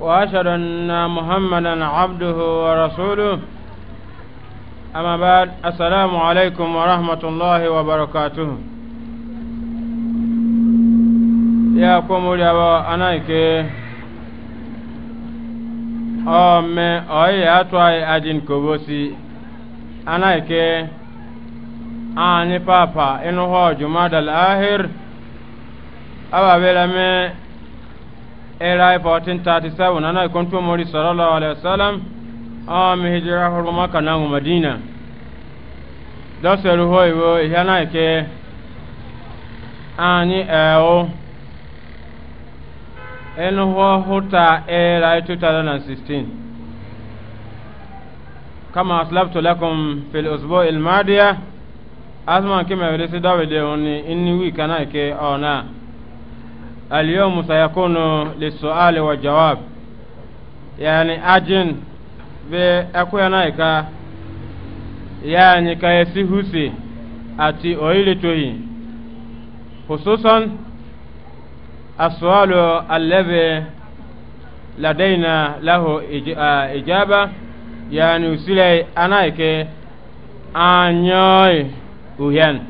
وأشهد أن محمدا عبده ورسوله أما بعد السلام عليكم ورحمة الله وبركاته يا قوم يا أنايك أم أي أتواي أدين كبوسي أنايك أني بابا إنه هو جماد الآخر أبا بلا era 1437 ana ikontu mori sallallahu alaihi wasallam ami hijira horo maka na madina da seru hoyo yana ke ani eo enu ho huta era 2016 kama aslaftu lakum fil usbu' al madiya asma kima yurisi dawide oni inni wi kana ke ona اليوم سيكون للسؤال والجواب يعني أجن بأكوانايكا يعني كيسي هوسي أتي أويلي توي خصوصا السؤال الذي لدينا له إجابة يعني وسيلة أنايك أنيوي وين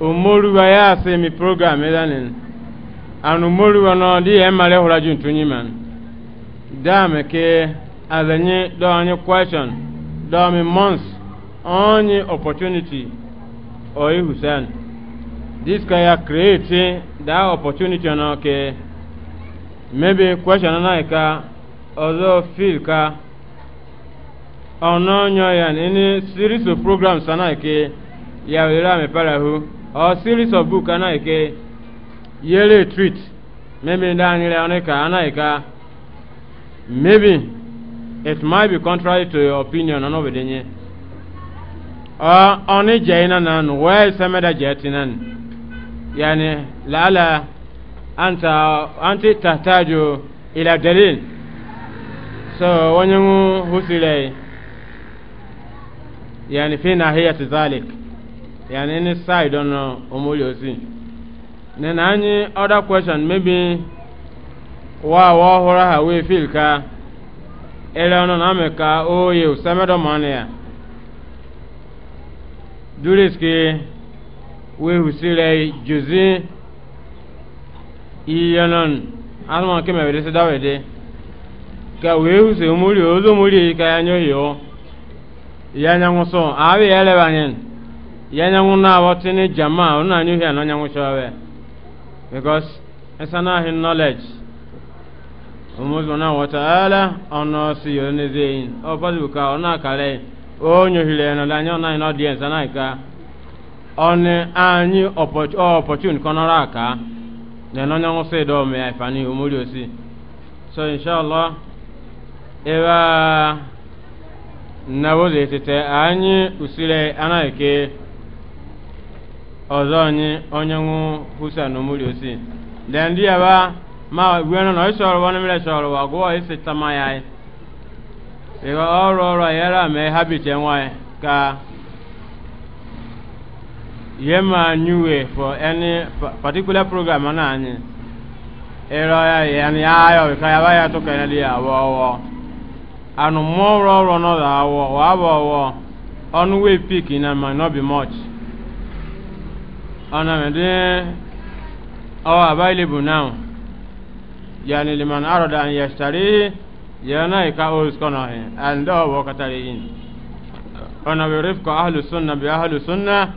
umoruwa ya se mi program edanin an umoruwa no di e mare hura jun tunyi man dame ke azanye do any question do mi months only opportunity o ihusan this can ya create that opportunity no ke maybe question na e ka ozo feel ka ono nyo ya ni series of programs na e ke ya wera me para hu or series of book ana ke yearly treat maybe ndani le oneka maybe it might be contrary to your opinion ono bedenye uh, oni jaina nan where semeda jatinan yani laala, anta anti tahtaju ila dalil so wanyangu husile yani fi nahiyati dhalik ya na any side ọnụ omori osi na na anyị other question maybe wa wa ọhụrụ ha wee feel ka ele ọnụ na amị ka oye usemedo mmanụ ya duriski e, wee husire juzi iye nọn anụmanụ ke mebere si dawede ka wee huse omori ozo omori ka ya nyohio ya nyanwụsọ abịa elebanye ya na awotini jama ona anyu hia na onyanwu showe because esana hi knowledge ka na danyo na ino die sana ka aka na onyanwu se do me ifani umuri osi so inshallah ewa na wo etete anyị ọzọ anyị onye nwụ husa na omuri osi ndị di ma gwenu na isoro wani mere soro wa go isi tama ya e ga ọrụ ọrụ ayara me habit enwa ka Yema ma for any particular program na anyị Ịrọ ya ya ni ayo ka ya ba ya to kana di awo awo anu ọrụ ro awọ no wa ọnụ wee pik na ma no be much ana mede awa available now yani liman arada an yashtari yana ka os kono he and do wo katari in ona be rifqa ahlu sunna bi ahlu sunna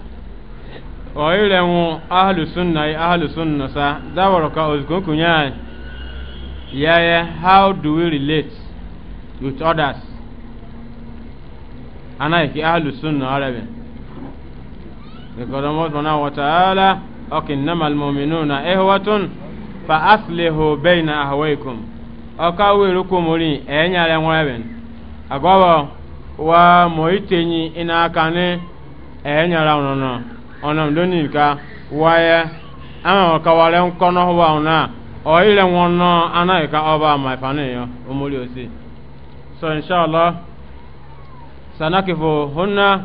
o ile mu ahlu sunna ay e ahlu sunna sa da ka os kon kunya ya ya how do we relate with others ana ki ahlu sunna arabe nikodomo sona wataala ok innama almuminuna ihwatun fa aslihu baina ahwaykum oka wiru kumuri enyare nweben agobo wa moitenyi ina akane enyara onono onom donilka waye ama okawale nkono wa ona oile nwono anaika oba ma ifane yo omuri osi so inshallah sanakifu hunna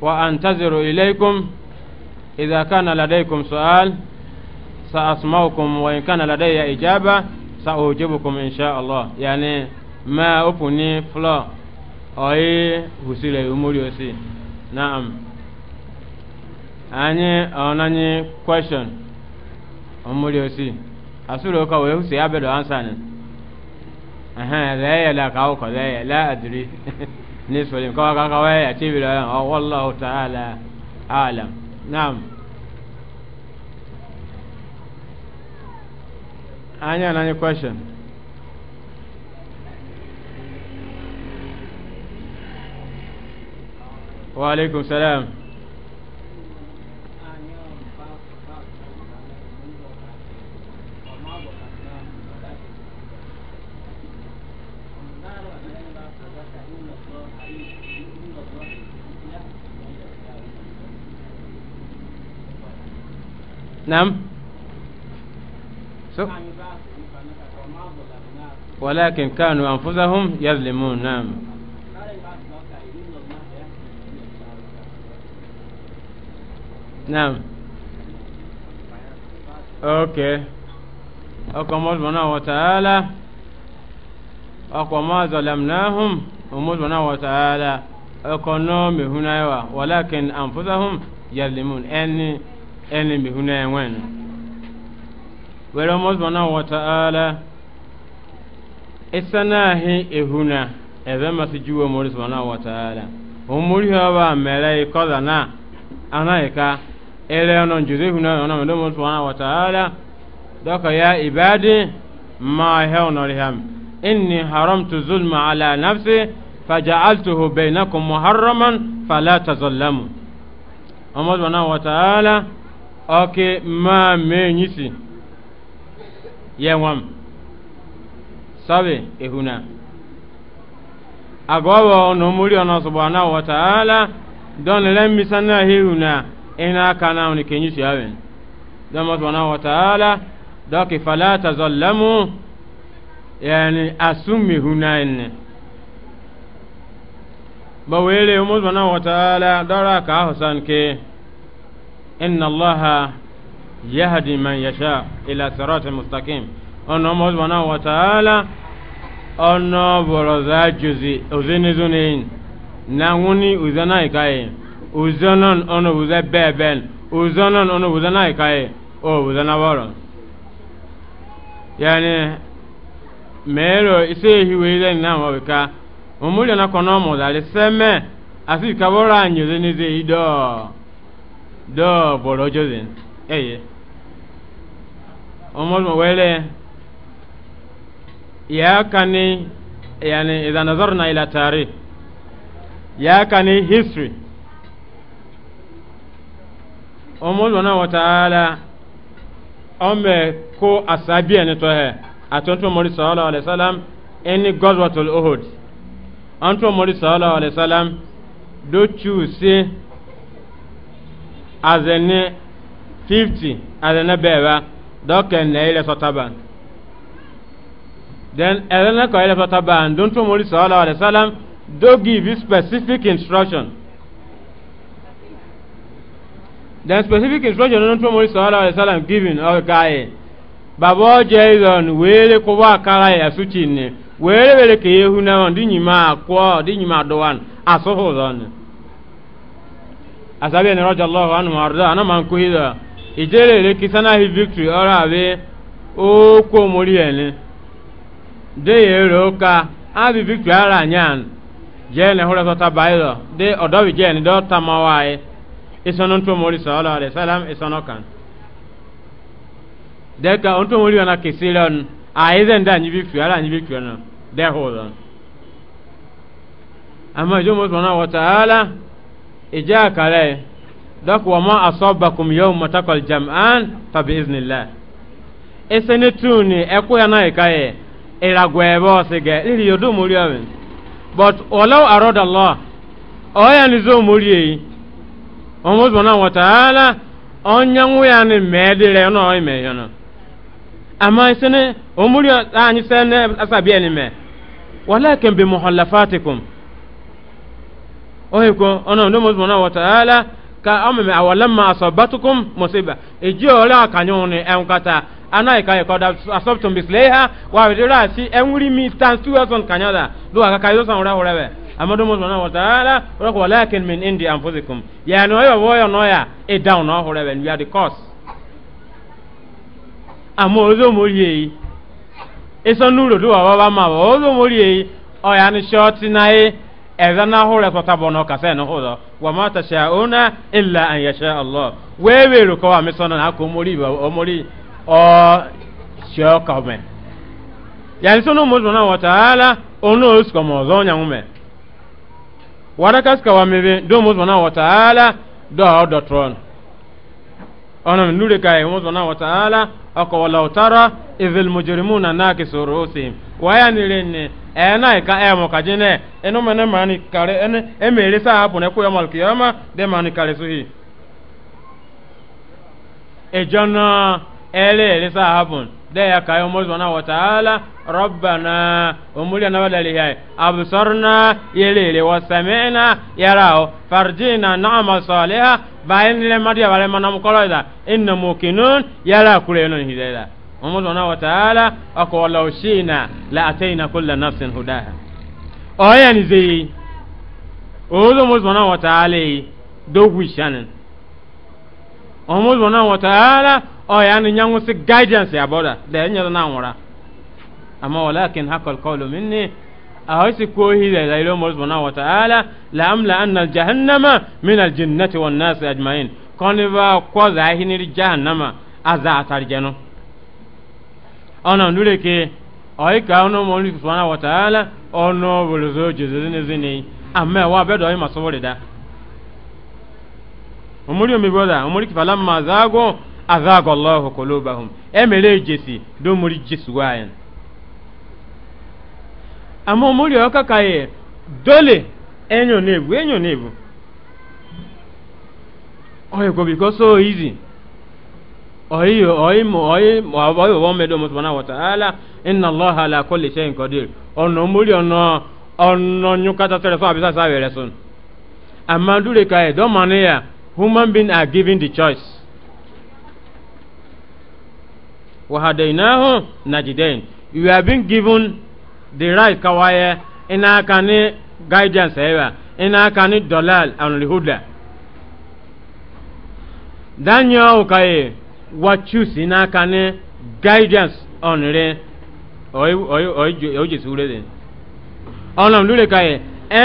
وأنتظر إليكم إذا كان لديكم سؤال سأسمعكم وإن كان لدي إجابة سأجيبكم إن شاء الله يعني ما أفني فلا أي وسيلة أمور يوسي نعم أني أناني question أمور يوسي أسولو كا ويوسي أبدو أنسان أها لا يلا كاوكا لا أدري نصف الإمكان قوي يعتبر والله تعالى أعلم نعم أنا أنا question وعليكم السلام نعم so. ولكن كانوا أنفسهم يظلمون نعم نعم أوكي أقوم الله سبحانه وتعالى أقوم ما ظلمناهم أمور سبحانه وتعالى أقوى نوم هنا ولكن أنفسهم يظلمون أني ene mi huna enwen wero mozbana wa ta'ala isana hi ehuna ebe masu juwe mozbana wa ta'ala umuri hawa mere kola na anaika e ele ono juze huna ono mdo mozbana wa ta'ala doka ya ibadi ma hewna liham inni haramtu zulma ala nafsi فجعلته بينكم محرما فلا تظلموا الله سبحانه وتعالى oke ma me nyisi yenwam sabe ehuna na no muri ona subhanahu wa ta'ala don lemmi sanna huna na kana on kenyi shawen don subhanahu wa ta'ala doki fala tazallamu yani asumi huna inne bawele subhanahu wa ta'ala dora ka hosan nke. إن الله يهدي من يشاء إلى صراط مستقيم أن الله سبحانه وتعالى أن برزا جزي أذن زنين نعوني أذنا إكاي أذنن أن na بابن أذنن أن بوزنا إكاي أو بوزنا برا يعني mẹ́rọ iṣẹ́ ìhìwé ilẹ̀ ní àwọn ọ̀bìká òmùlẹ̀ dɔɔ bɔrɔ jɔzen ɛyɛ ɔmɔdun wɛlɛ yaa kani yani idan na ila tari yaa kani history ɔmɔdun na wataala ɔmɛ ko asabiya ni tɔhɛ atontun mori sɔɔla alayhi salam ɛni gɔzwatul ohod ɔntun mori sɔɔla alayhi salam do tuusi. azene 50 azene beba doke ne ile sotaba then azene ko ile sotaba and don't mori sallallahu alaihi salam do give specific instruction then specific instruction don't mori sallallahu alaihi salam giving or guy babo jason weele ko wa kala ya suchi ne wele wele ke yehu na ndi nyima akwa ndi nyima dowan asoho zone asabi ni roja allahu anu arda ana man ko hida ijere le kisana hi victory ora ave o ko mori ene de yero ka abi victory ara nyan je ne hore so ta bailo de odo wi je ni do tamawai isono to mori sallallahu alaihi wasallam isono kan de ka on to mori na kisiran a izen da ni victory ara ni victory no de hold on amma jomo subhanahu wa ta'ala ija kare dok wa ma asabakum yawma taqal jam'an fa bi iznillah esene tuni eku ya na ikaye ira gwebo sige iri yodu muri awen but walau arada allah oya ni zo muri yi omo zona wa taala onyanwu ya ni medire no ime yono ama esene omuri anyi sene asabi eni me walakin bi muhallafatikum ohe ko ono ndo mo subhanahu wa ta'ala ka ameme awalamma asabatukum musiba eji ola kanyone enkata ana ika ko da asabtum bisleha wa widira si enwuri mi tan 2000 kanyada do aka kayo san ora ora be amadu mo subhanahu wa ta'ala ora ko walakin min indi anfusikum ya no yo boyo no ya e down no ora be we are the cause amo ozo mo yi eso nuro do wa wa ma ozo mo yi o ya ni short na yi e. ɛza na hore sɔta bɔnɔ kasɛ no hore wa ma ta sha ona illa an yasha allah wewe ro ko ami sɔnɔ na ko mori ba o mori o sho ka me yani sɔnɔ mo sɔnɔ wa taala ono us ko mo zɔnya ngume wara kas ka wa me do mo sɔnɔ wa taala do do tron ona nure kai e, mo sɔnɔ wa taala akawala tara na mujrimuna nakisu rusim wa yanirene ena ka e mo ka jene eno mene mani kare ene e mere sa abu ne kuya mal kiyama de mani kare suhi e jona ele ele sa abu de ya ka yo mozo na wataala rabbana umuli na wala lihai absarna yele ele wasami'na yarao farjina na'ma salihah bayin le madiya wala manam koloida inna mukinun yara kulenon hidaida ọmọ sọ̀nà wàtàlá ọkọ̀ ọ̀làwọ̀ṣẹ́nà làtẹ́yìn akọ́lá nàfṣin hudaha. ọ̀yẹ́ ni zeyi òwúrọ̀ ọmọ sọ̀nà wàtàlá yìí dógù ìṣàní ọmọ sọ̀nà wàtàlá ọ̀yẹ́ ni nyàngó sí guidance àbọ̀dà dẹ̀ nyẹ́rọ náà wọ̀ra. àmọ́ wàlákin hakọ̀l kọ́ọ̀lù mi ní àwọn sì kú ohi rẹ̀ láyé ọmọ sọ̀nà wàtàlá làmúlà ànà jahannama min aljinnati wan nasi ajma'in kọ́ni bá kọ́ zàáhinir jahannama azà àtàrìjẹ́nu. ona ndure ke oyi ka ono mo ni subhana wa ta'ala ono buluzo jeze ne zini amma wa be do yi masubure da umuri o mi boda umuri kifala ma zago azago allah qulubahum emele jesi do muri jesu wayan amma umuri o kakaye dole enyo nebu enyo nebu oyi ko so easy oyi oyi oyi oyi wọn mẹdọ mọsùlùmọ náà wọta ala iná lọha ala kọlẹ ṣe nǹkan dé ọ̀nà múlí ọ̀nà ọ̀nà nyukata tẹrẹ fún abisa sáwẹ sun. sùn. àmà dúró ka ẹ̀ dọ́mọ̀nìyà human being are given the choice. wàhádẹ ináhùn nàjìdẹ́yìn you have been given the right kawaye ina kani guidance ẹ̀ wá iná aka ní dollar and rihuda. dányọ̀ wachusi n'aka ni guidance ọ̀nìrẹ́ ọ̀yẹ́jẹsí wúlẹ̀ dẹ̀. ọ̀nà lórí ka yẹ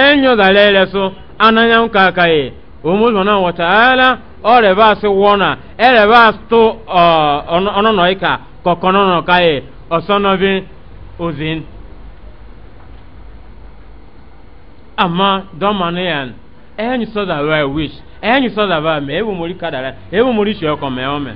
ẹ̀yọ́ gàlẹ́ rẹ̀ so ananyam ka ka yẹ òmùsùn náà wata ẹ̀la ọ̀rẹ́ bá sí wọ́nà ẹ̀rẹ́ bá tó ọ̀nọ̀nà ka yẹ ọ̀sánnábí ozin. amma dọ́mọ̀nì yẹn ẹ̀yẹ́ nyisọ́ dàbà wish ẹ̀yẹ́ nyisọ́ dàbà mẹ́ ewu mori kadara ewu mori ma ọ ọ̀mẹ́.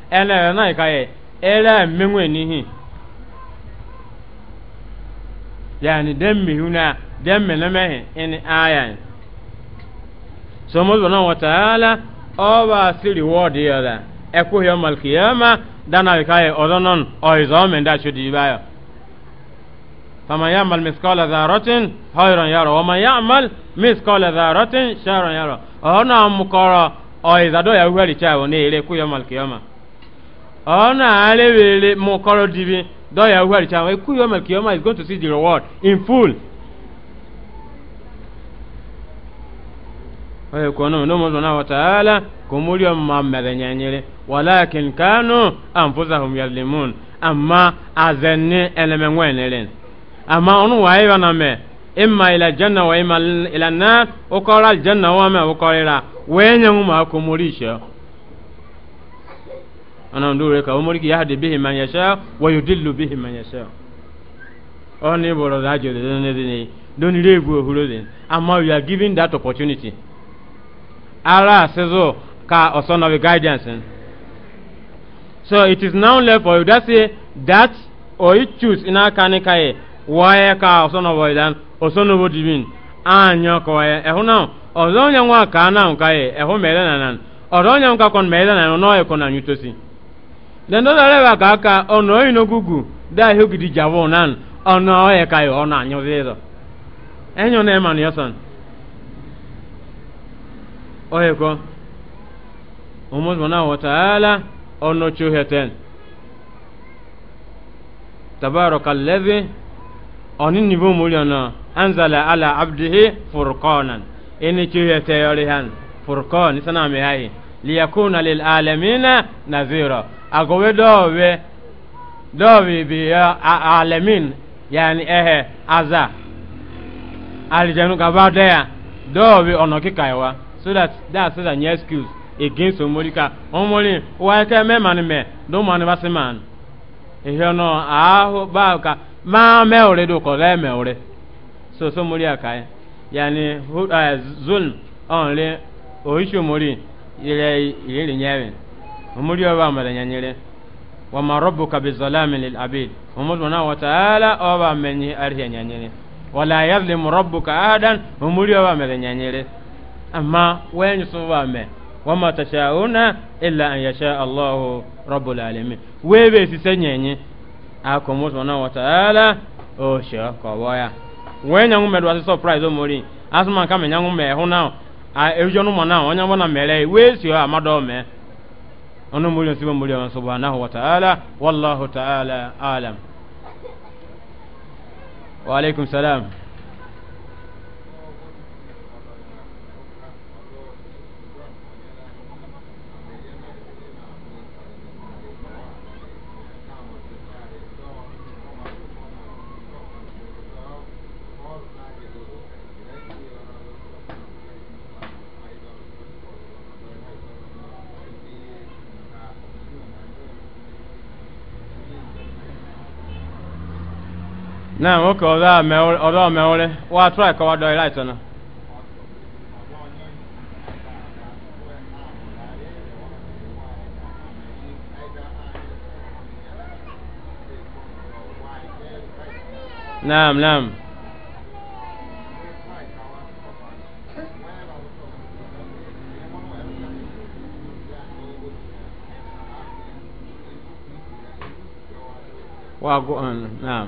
ele na ikaye ele menwe nihi yani dem mihuna dem menemehe ini ayan so mo zona wa taala o ba siri wodi yala eku yo mal qiyama dana ikaye odonon o izome nda shudi bayo فمن يعمل مثقال ذرة خيرا يرى ومن يعمل مثقال ذرة شرا يرى أنا مكرا أو إذا دو يا ويلي تشاو ني ليكو يوم القيامة ona ale wele mo koro dibi dọya ya wari cha we ku yoma kiyoma is going to see the reward in full oye kono no mo zona wa taala ko muri o ma mere nyanyere walakin kanu anfusahum yalimun amma azanni eleme ngwenelen amma onu wa iba na me imma ila janna wa imma ila nar o kora janna wa me o korira wenye mu ma ko muri sho ana ndure ka omori ki yahdi bihi man yasha wa yudillu bihi man yasha oni boro da jere ne ne don rebu ohuro den amma we are giving that opportunity ara sezo ka osono we guidance so it is now left for you that say that or you choose ina kanika e waye ka osono we dan osono wo divin anyo ko e ehuna ozo nyanwa ka na nkae ehu mere nanan ozo nyanwa ka kon mere nanan no e kon anyutosi den do lare ba kaka ono ino gugu da hu gidi jawo nan ono e kai ono anyo zedo enyo ne man yoson oye ko umu subhanahu wa ta'ala ono chuheten tabarakallazi onin nibo muliyana anzala ala abdihi furqanan ini chuhete yori han furqan sana me hayi liyakuna lil alamina nazira agowe dɔwɛ dɔwɛ bi ya alamin yani ɛhɛ aza alijanu kaba dɛya dɔwɛ ɔnɔ kika yi wa so that that so that nye excuse against omori ka omori wa kɛ mɛ mani mɛ do mani ba se mani ehyɛ no aho ba ka maa mɛ ore do kɔ lɛ mɛ ore so so mori aka yi yani hu ɛɛ zon ɔnle oyisu omori yɛrɛ yɛrɛ nyɛrin. omuli oba amalanyanyire wama rabbuka bizalami lilabid omu subhanahu wataala oba amenyi alihe nyanyire wala yazlimu rabbuka ahadan omuli oba amalanyanyire amma wenyusuba ame wama tashauna illa an yasha allahu rabbul alamin webe sisenyenye ako omu subhanahu wataala osho koboya wenyangume dwasi surprise omuli asuma nkamenyangume ehunawo ejonumwanawo onyabona mele wesio amadome ono mulyo sibo mulyo subhanahu wa ta'ala wallahu ta'ala alam wa alaikum salam na nwoke ọzọ mewere wa try akọwa dọọ ịla ịtọ na naam naam wa go on naam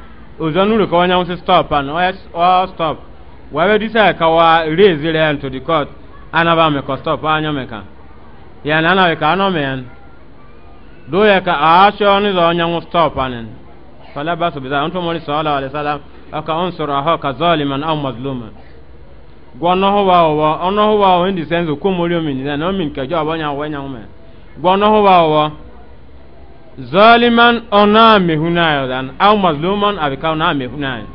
ozanuru ka onye nwụsị stop and all stop wee disa ka wa raise ya to the court anaba mekọ stop anya meka ya na anaghị ka anọ mee do ya ka aasị ọnụ ịzọ onye nwụ stop anin falaba sobita ntụ mọrị sọọla alisala ọka ọ nsọrọ ahụ ka zọọlị man ọ mazluma gwọ ọnọhụwa ọwọ ọnọhụwa ọwọ ndị sense okwomori omi nina na omi nke jọ ọbọ nya ọwọ nya nwụ mee gwọ ọnọhụwa ọwọ zaliman ona mehunayo dan aw mazluman abi ka ona mehunayo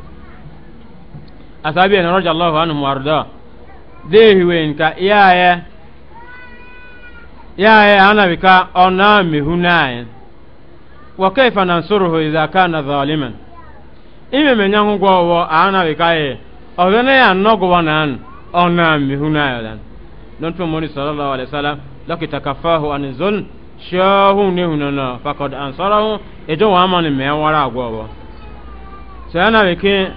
asabi en roja allah anhu warda dehi wen ka yaye yaye ana bi ka ona mehunayo wa kayfa nansuruhu idha kana zaliman ime menyangu gwo ana bi ka ye obene ya nogo wanan ona mehunayo dan don to moni sallallahu alaihi wasallam lakitakafahu an zulm shahu ne na fakad ansarahu ejo wa man me wara agwo sana beke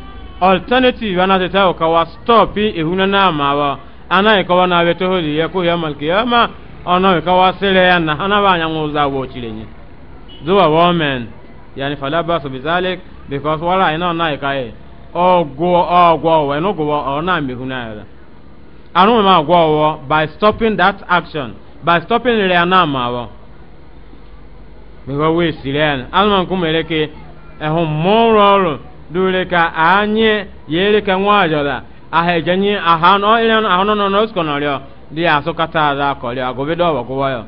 alternative ana teta ka wa stop e hunana ma wa ana e ka na we to holi ya ko ya mal kiyama ana ka wa sele ya na ana ba za wo woman yani so bizalik because wala ina na e ogwo ogwo no ona me anu ma agwo by stopping that action by stopping mgbe wee siri ya anụmanụ kumere ke ehun mụrụ ọrụ dure ka anyị yere ka nwa ajọla aha ejenyi aha ọrụ ahụ nọ n'osukọ nọrịọ dị asụkata ada akọrịọ agụbido ọbọkụwa ya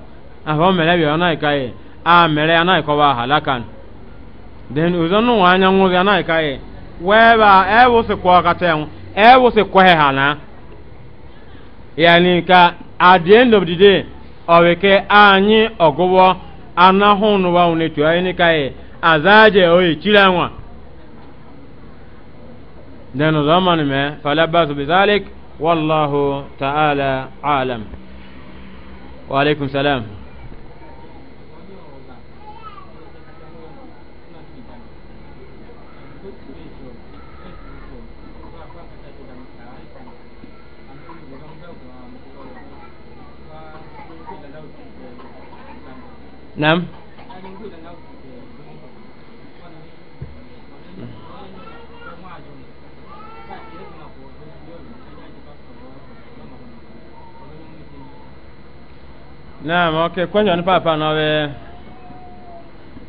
ahụ mere bịa ọnaghị ka ya a mere anaghị kọwa halakan den ụzọ nnụnwa anya nwụzi anaghị ka ya wee ba ewụsịkwa ọkata ya ewụsịkwa ha na yani ka at the end of the day ọ bụ ke anyị ọgụwọ ana hunu wa ne to ayini kai azaje o chilanwa dan zaman me falabas bizalik wallahu ta'ala alam wa alaikum salam نعم naam ok question papa na be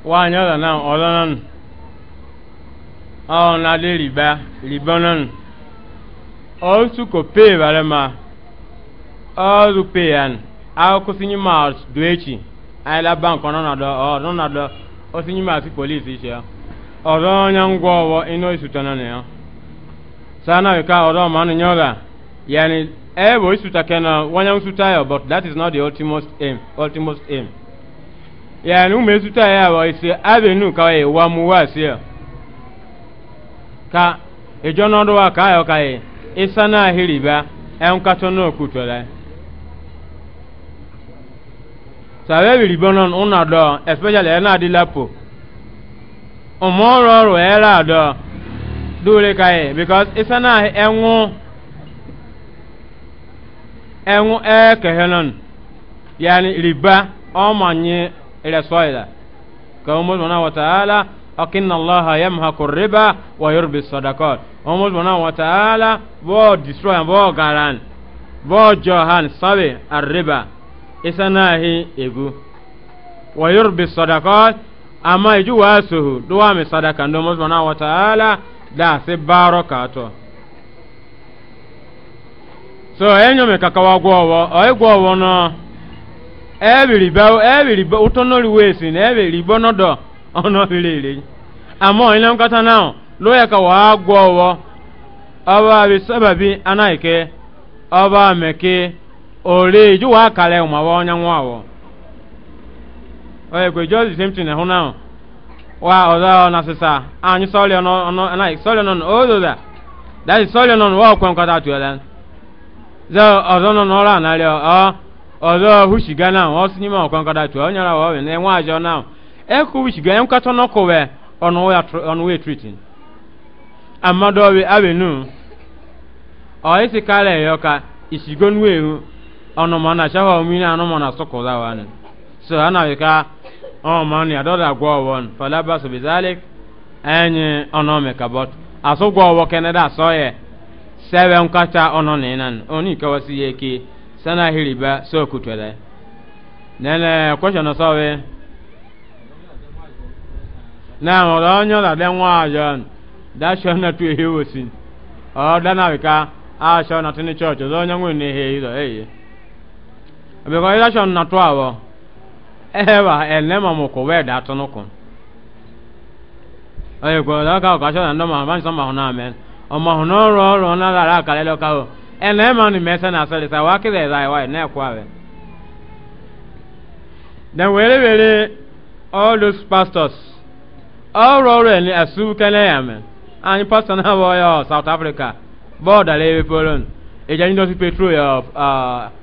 wanyola na olonon awon na de riba ribonon osu ko pe bare ma ozu pe an aw ko sinyi mars duechi ayila bank ọ̀nà nàdọ̀ ọ̀nà nàdọ̀ ó sì nyima polisi ṣe ya ọ̀dọ̀ ọ̀nyà ń na ọ̀wọ́ iná ìsùtọ̀ náà nìyẹn sanni àwìká ọ̀dọ̀ ọ̀mà ni nyọ́ra yẹni ya ka na ya but that is not the ultimate aim ultimate aim yẹni ume sùtà ya àwọ̀ ìsè avenue ka yẹ wà mú wá sabe biri bonon una do especially ena di lapo umoro ro era do dure kai because isana enwu enwu e kehenon yani riba o manye resoida ka umu subhanahu wa ta'ala akin allah yamhaku riba wa yurbi sadaqat umu subhanahu wa ta'ala bo destroy bo garan bo johan sabe arriba isanahi egu wa ebu sadaqat amma iju wasuhu duwa mi sadaka ndo wa ta'ala da si baraka to so enyo me kakawa gwowo gwowo no na ebiri bonodo ono bilele amma ina mkata nao ole ju wa kale ma wa onya nwa wo oye kwe the same thing ho now wa oza na na da is sori ono wa kwen kwata tu lan zo ozo no no na le o ozo hu shiga na o sinyi ma kwen kwata tu wa we na nwa ajo now e ku shiga en kwato no ko we we treating amado we ono mana shawa mini ano mana soko da wani so ana wika o mani adoda gwo won fala basu bizalik enyi ono me kabot aso gwo wo keneda soye sebe nkata ono ninan oni kawasi yeki sana hiriba so kutwele nene question sowe na mo onyo da de nwa ajon da shona tu ewosin o dana wika a shona tini church zo onyo ngwe ne he ido eye because election na to awo ewa enema mo ko we da tunu kun ayi ko da ka ka shona ndo ma ban so ma hona men o ma hono ro no na la ra kale lo ka o enema ni mesa na so sa wa kire da e wa e na kwa we then wele wele all those pastors all ro ro ni asu e kale pastor na wo yo south africa border le polon ejanyi ndo si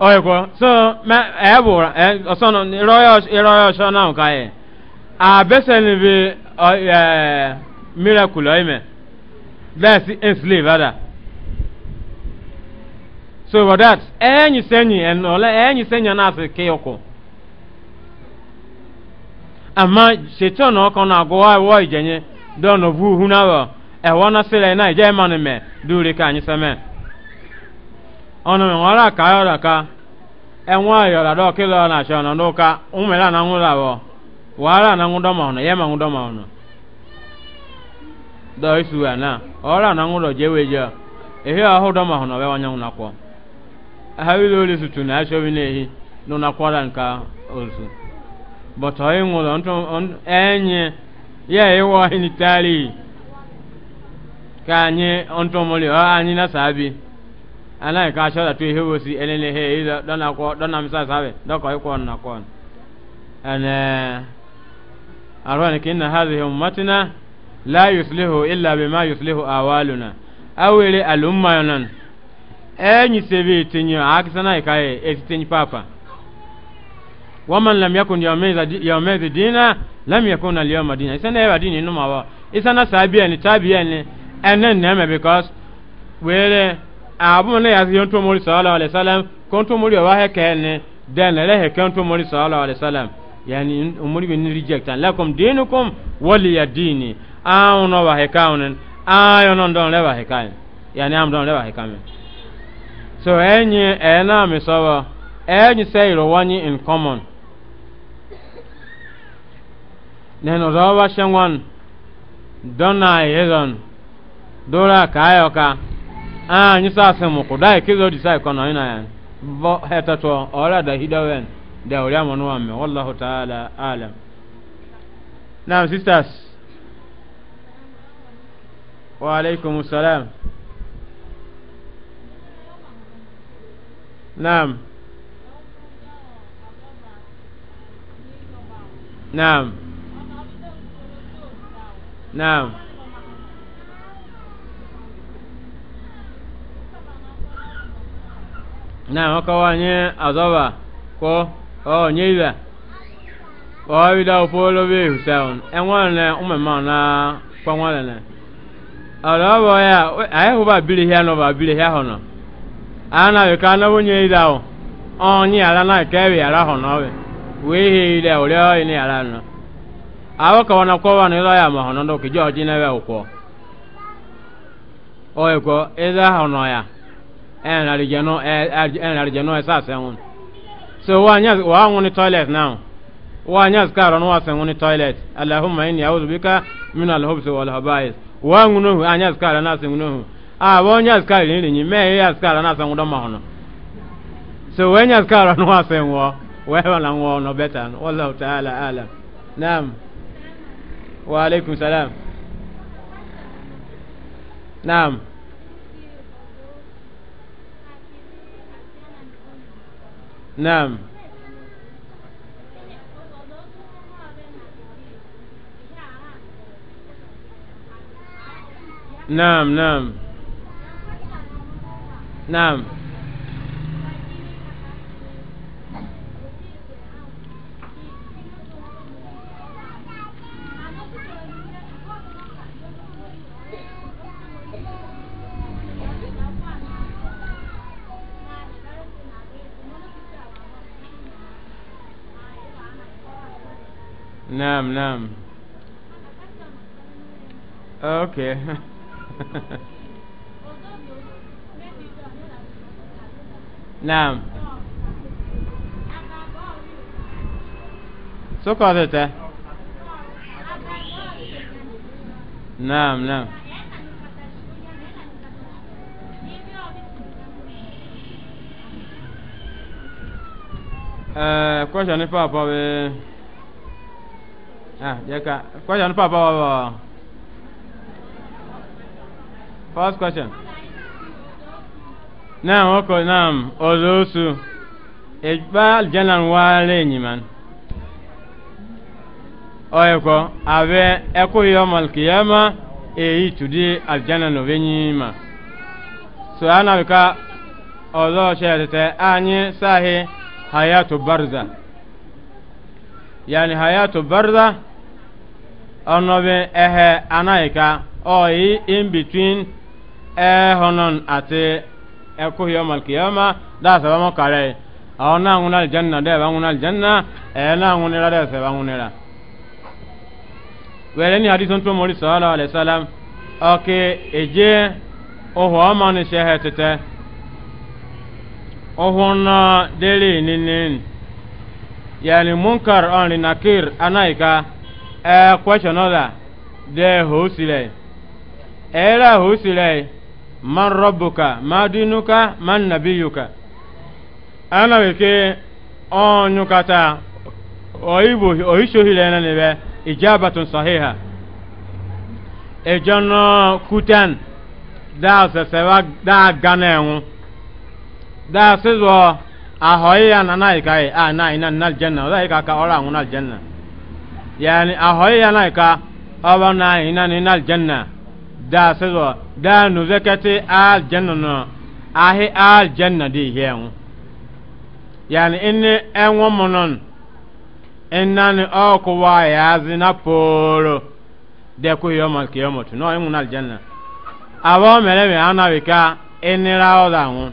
oyiko so me ebura e, osono iroyo iroyo shona ukaye a beseni bi eh miracle oime that's enslave ada so for that enyi senyi en enyi na asu kiyoko ama shetan na agụwa ijenye dọnọ vu na wọ siri e, na na ije mmanụ me duri ka anyị ọnụ m ọla ka ọla ka enwe ayọla dọ kilo ọ na-achọ ọnụ n'ụka ụmụla na nwụrụ abụọ wàhálà na ŋudɔ ma ɔnà yẹ ma ŋudɔ ma ɔnà ana na ŋudɔ dzewe dza ehe aho ma na bi na ehi ŋuna kɔ nke nka osu bɔtɔ yi ŋudɔ ntɔ ɛnyɛ ka anyị ntɔmɔli ɔ anyị na saa bi. ana ka shoda tu hewo si elele he ida dona ko dona misa sabe doko iko na kon ana arwana kinna hadhihi ummatina la yuslihu illa bima yuslihu awaluna awele alumma yanan enyi sebi tinyo akisana ikaye etitinyi papa waman lam yakun yaumezi dina lam yakun alyawma dina isana ewa dini numa wa isana sabiya ni tabiya ni enen neme because wele abu ne yasi yon tumuri sallallahu alaihi wasallam kon tumuri wa he kene den le he kon tumuri sallallahu alaihi wasallam yani umuri bin rejectan lakum dinukum waliya dini awno wa he kaunen ayo non don le wa he kain yani am don le wa he kamen so enye ena mi sawa enye say ro wani in common neno rawa shangwan dona yezon dora kayoka ka aa ah, nyi saa se muku dai kizo di sai kono ina yan bo heta to ora da hida wen da ori amonu amme wallahu ta'ala alam now sisters wa alaikum salam Naam. Naam. Naam. E na ọkọwa nye azụba ko ọ nye ibe ọ ida opolo be husaun enwan na umema na kwanwale na ọlọbọ ya ayi huba bili ya no ba bili hia hono ana be o onye ala na kewe ala hono we we he o ni no awo ka ko ya ma na we o e e ya en arijano en arijano esa sehun so wa nya wa ngoni toilet now wa nya on no wasa eh, toilet allahumma inni a'udhu bika min al-hubs wal haba'is wa ngunu anya skaro na se ngunu a wa nya skaro ni ni me ya skaro na se on ma hono so wa nya skaro no on ngwo wa wala ngwo no betan wallahu ta'ala alam naam wa alaikum salam naam Naam. Naam, naam. Naam. Naam, naam. Okay. naam. Soko tete. Eh? Naam, naam. Uh, question if I probably Ah, jeka. Question papa baba. First question. Naam, wako naam. Ozusu. Ejba aljanna wale nyiman. Oyeko, ave eko yomal kiyama e itudi aljanna no venyima. So ana bika ozo shete anyi sahi hayatu barza. Yani hayatu barza ọnọbin ẹhẹ anaika ọyị in between ẹhọnọn e ati ẹkụhị ọmalkiyama daa saba mọ kare ọ naa ŋun aljanna dẹ ba ŋun aljanna ẹ e naa ŋun nira dẹ saba ŋun nira. wẹrẹ ni adi tó mọri sọlá alẹ sálám ọkẹ ẹjẹ ọhọ ọmọ ni sẹhẹ tẹtẹ ọhọ náà délé nínú yẹni munkar ọrin nakir anaika. ee question ọla dee hoosile eela hoosile man robuka ma dinuka man nabiyuka ana weke onyukata oibo oishohile na nebe ijabatun sahiha ejono kutan daa sesewa daa gana enwu daa sizwo ahoyi ya na naika a na ina na aljanna ọdọ ika ka ọrụ anwụ na yani ahoy yana ka na ina ni nal janna da sezo da nu zakati al janna no ahi al janna di hen yani enwo monon ya zina polo de ku yomal kiyamot no imun al janna aba mele me anawika inira oda ngun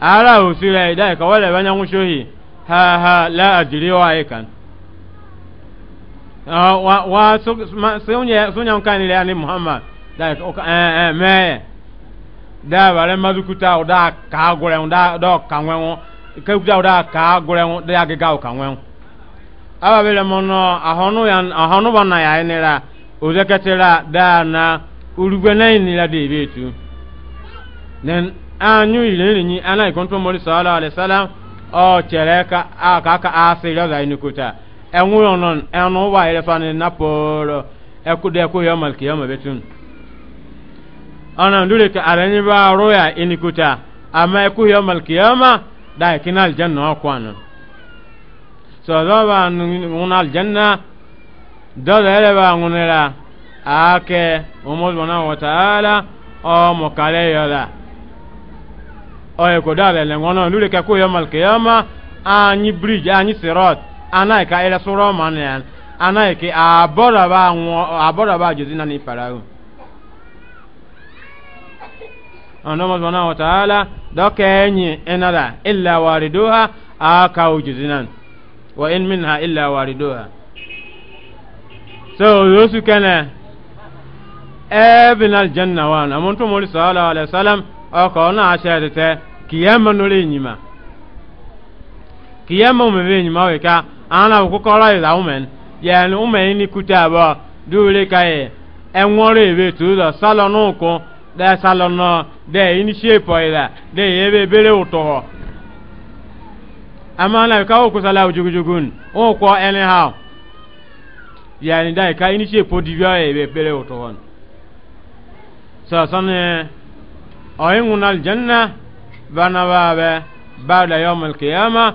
ara ida ka wale banya ngushohi ha ha la wa ikan Ah, wa wa sunye sunye nkani le ani muhammad da ok eh eh me da bare mazukuta oda ka gore da do kanwe wo ke kuta oda ka gore wo da ga aba bele mono ahonu ahonu bana ya enira ozeketela da na urugwe na inira de betu nen anyu ile ni ana o chereka aka aka asira enwuro non enu wa ire fani na poro ekude ku yo mal kiyama betun ana ndure ka arani ba roya inikuta ama ku yo mal kiyama da kinal janna kwana so do ba ngunal janna do le ba ngunela ake umul bana ala taala kale mokale yola o ko dale le ngono ndure ka ku yo mal kiyama anyi bridge anyi sirat ana ka ila sura man yan ana abora ba abora ba juzi na ni farao ana mo subhanahu ta'ala doke enyi enara illa wariduha aka ujuzinan wa in minha illa so yosu kana ebin aljanna wa na muntu muri sallallahu alaihi wasallam aka ona kiyama nyima kiyama nyima ana ko kɔrɔ yi la umen yɛn umen ni kuta bɔ duule ka ye ɛŋɔrɔ yi bɛ tu lɔ salɔnu ko dɛ salɔnɔ dɛ yini sepɔ yi la dɛ yɛ bere o tɔgɔ amana yi ka o kusala o jugujugun o kɔ anyhow yɛn da yi ka yini sepɔ dibiya yi bɛ bere o tɔgɔ sɔsɔni ɔyin ŋunal janna bana ba bɛ baa da yɔ malkiyama.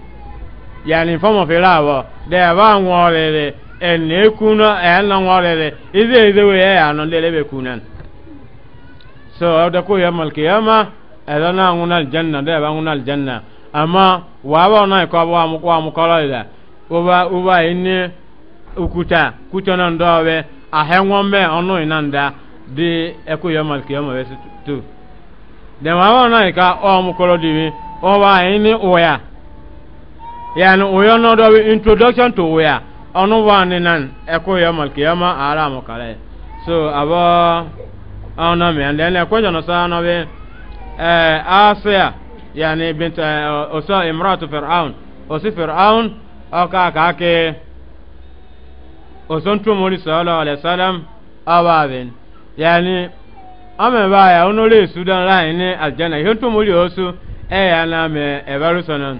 yani fama filabo de ba en ekuno en ize ize we ya no de lebe kunan so da ko yamal kiyama adana ngunal janna de ba ngunal janna ama wa ba na ko ba mu ko mu kala uba uba inni ukuta kutona ndowe ahenwome onu inanda di eku yamal kiyama wesu tu de ma ba na ka o mu kolo diwi o ba yani uyono do introduction to where onu wani nan eko yo mal kiyama ala mo kale so abo ona me and then ko jono sa no be eh asya yani bint eh, osa imratu fir'aun osi fir'aun aka ka ke oson tu mori sallallahu alaihi wasallam awaben yani ame ba ya onu le sudan la ni aljana yon tu mori osu e ya na me e barusanan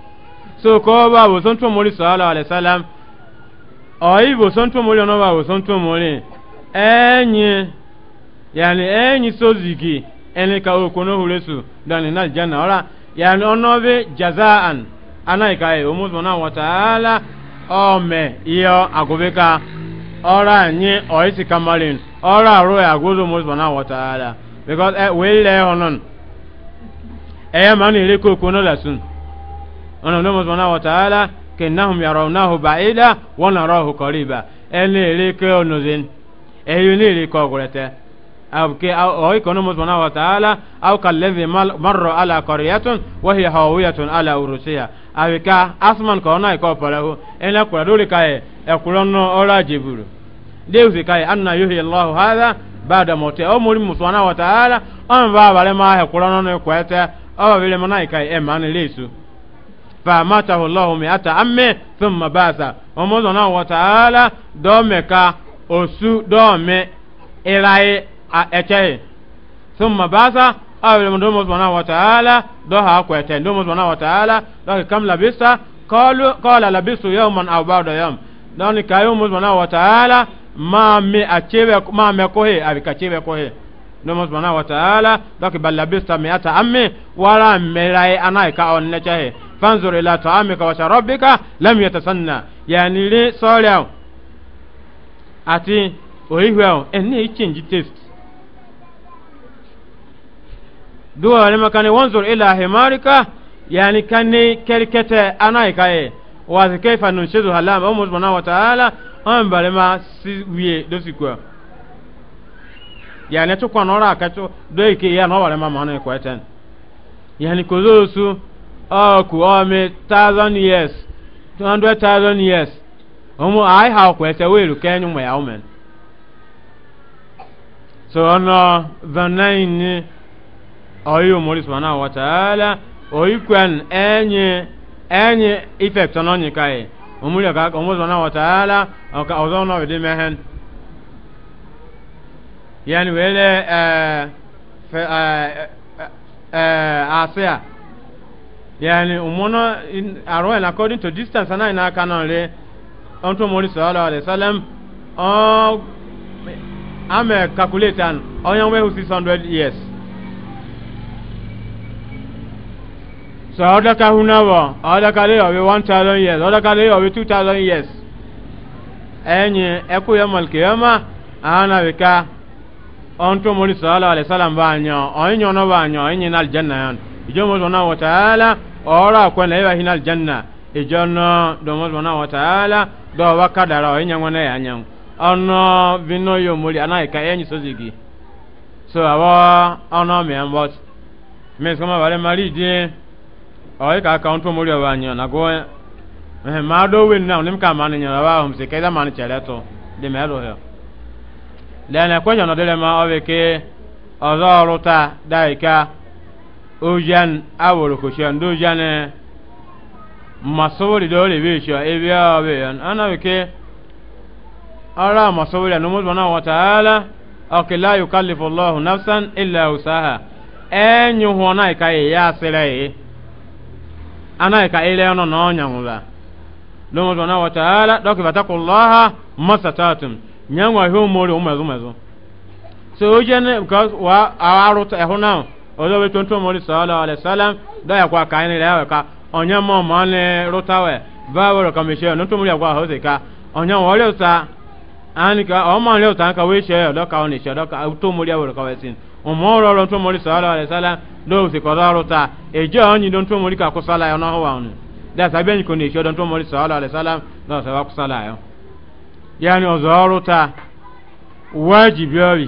so ko ba bo son to mori sallallahu alaihi wasallam oyi bo son to mori no ba bo son to mori enyi yani enyi sozigi eni ka okono hulesu dan na janna ora yani onobe jazaan anaika e omuzmana wa ta'ala ome iyo agobeka ora anyi oisi kamarin ora aro ya gozo omuzmana wa ta'ala because eh, we eh, le honon eya manu ile ko okono lasun ọ̀nà ọ̀nà subhanahu wa ta'ala kinnahum yarawnahu ba'ida wa narahu qariba ẹni èrè kẹ́ ọ̀nùzín ẹ̀yìn ní èrè kọ́ ọ̀gùrẹ̀tẹ̀ أبكي أو يكون سبحانه وتعالى أو كالذي مر على قرية وهي هاوية على أرسها أبكا أسمن كونا يكون فله إن أقول ذلك يقولون أولا جبر ديوسي كاي أن يهي الله هذا بعد موته أو مريم سبحانه وتعالى أن بابا لما يقولون يكويته أو بلما نايكاي إمان ليسو famatahu llahu miata amme thumma basa omozona wataala dome ka osu dome ilaye a echehe thumma basa awele ndomo subhanahu wataala do ha kwete ndomo subhanahu wataala do kam labisa qalu qala labisu yawman aw ba'da yawm doni kayo mo subhanahu wataala ma me achebe ma me kohe abikachebe kohe ndomo subhanahu wataala do ki balabisa miata amme wala melaye anai ka fanzur ila ta'amika wa sharabika lam yatasanna yani le sori aw ati oyiwe aw ene eh, change taste duwa wani makani wanzur ila himarika yani kani kerkete anaikaye wazi kaifa nunshizu halama umu subhanahu wa ta'ala an balima si wiye dosi kwa yani tukwa nora akacho doike ya no balima manu kwa eten yani kozosu ọkụ omi 1000 years two hundred thousand years omu ayi ha kwese wiru kenyu mu ya so ono zanaini oyi umuri subhanahu wa ta'ala oyi kwen enyi enyi effect ono nyikai umuri umuri subhanahu wa ta'ala oka ozo ono widi mehen yani eh, eh, eh, yani umono in according to distance ana ina kana mori sallallahu alaihi wasallam o calculate an 600 years so oda ka oda ka le ka le 2000 years enye eku ya ana mori sallallahu alaihi Ijo ijomo subhanahu wa ta'ala ora ko na iba hinal janna do domo subhanahu wa ta'ala do wa kadara o nyanwa na ya nyanwa ono vino yo muri anaika enyi sozigi so awa ono me ambot mes kama vale maridi o ka account mo ri abanyo na go eh ma do win na nim ka man nya wa hum se kaida man chere to de me ro yo le ko nya no de ma o ke ozo ruta daika ojan awol ko shan do jane eh, masawri do le be sha e biya be an ana ke ara masawri no mo bana wa taala ake la yukallifu allah nafsan illa enyu ka ya sele ana ka ile no no nyangula no mo bana wa taala doki masatatum ozobe tonto mori sallallahu alaihi wasallam da ya kwa kaini la yawe ka onya mo mane rotawe bawo ka mishe no to mori kwa hoze ka onya wole sa ani ka o mo le ta ka we she do ka oni she do ka to mori aworo ka wesin o mo ro ro to mori sallallahu alaihi wasallam do se ko da rota e je onyi don to mori ka ko sala yo no ho wa onu da sa be ni ko ni she don to mori sallallahu alaihi wasallam do se wa ko sala yo yani o zo rota wajibi o wi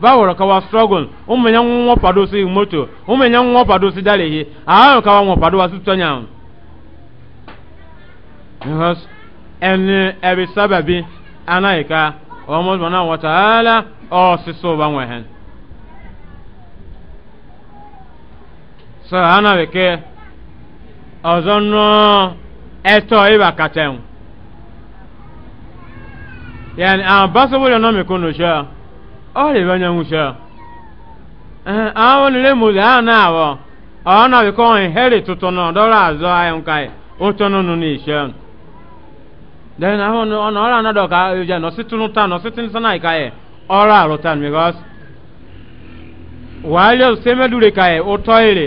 baworo kawa struggle umenya nwo pado si moto umenya nwo pado si dale hi ayo kawa nwo pado wasutso nyawo because en ebi sababi bi omo subhana wa ta'ala o si so ọsịsọ nwe hen so ana beke ọzọ eto ẹtọ ịba kacha enwe yani a basobolo nọ mekọ n'oche a ọrịa ịbanye nwụcha ahụ nile mụzi ahụ na awọ ọ na bikọ ọhịa heri tụtụ na ọdọrọ azụ ahịa nka ụtọ nụnụ na ishe ahụ ọ na ọrụ anadọ ka ta nọ sitụ nsa ka ọrụ arụ ta because wàhálà sẹmẹdùrẹ ka ụtọ ire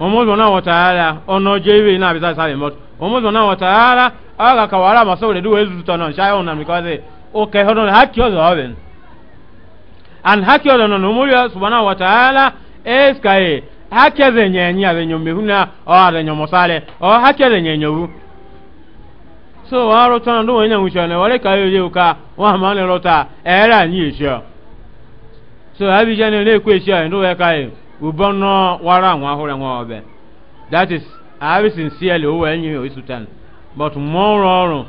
ọmọdún náà wọta ara ọ̀nà ọjọ́ ìwé náà bisa sábẹ̀ mọ́tò na náà wọta ara ọ̀gá kàwárà mọ́sọ̀rọ̀ ẹ̀dúwẹ̀ ẹ̀zùtọ̀ náà ṣáyọ̀ náà because ó kẹ́ ọdún rẹ̀ á kí and haki odo no numuyo subhanahu wa ta'ala eskaye haki ze nyenyi abe nyomehuna o abe nyomosale o haki ze nyenyobu so na tana ndo wenya ngushane wale kayo yeuka wa mane rota era so abi jane le kwesha ndo e, ubono wara hore obe that is sincerely but ọrụ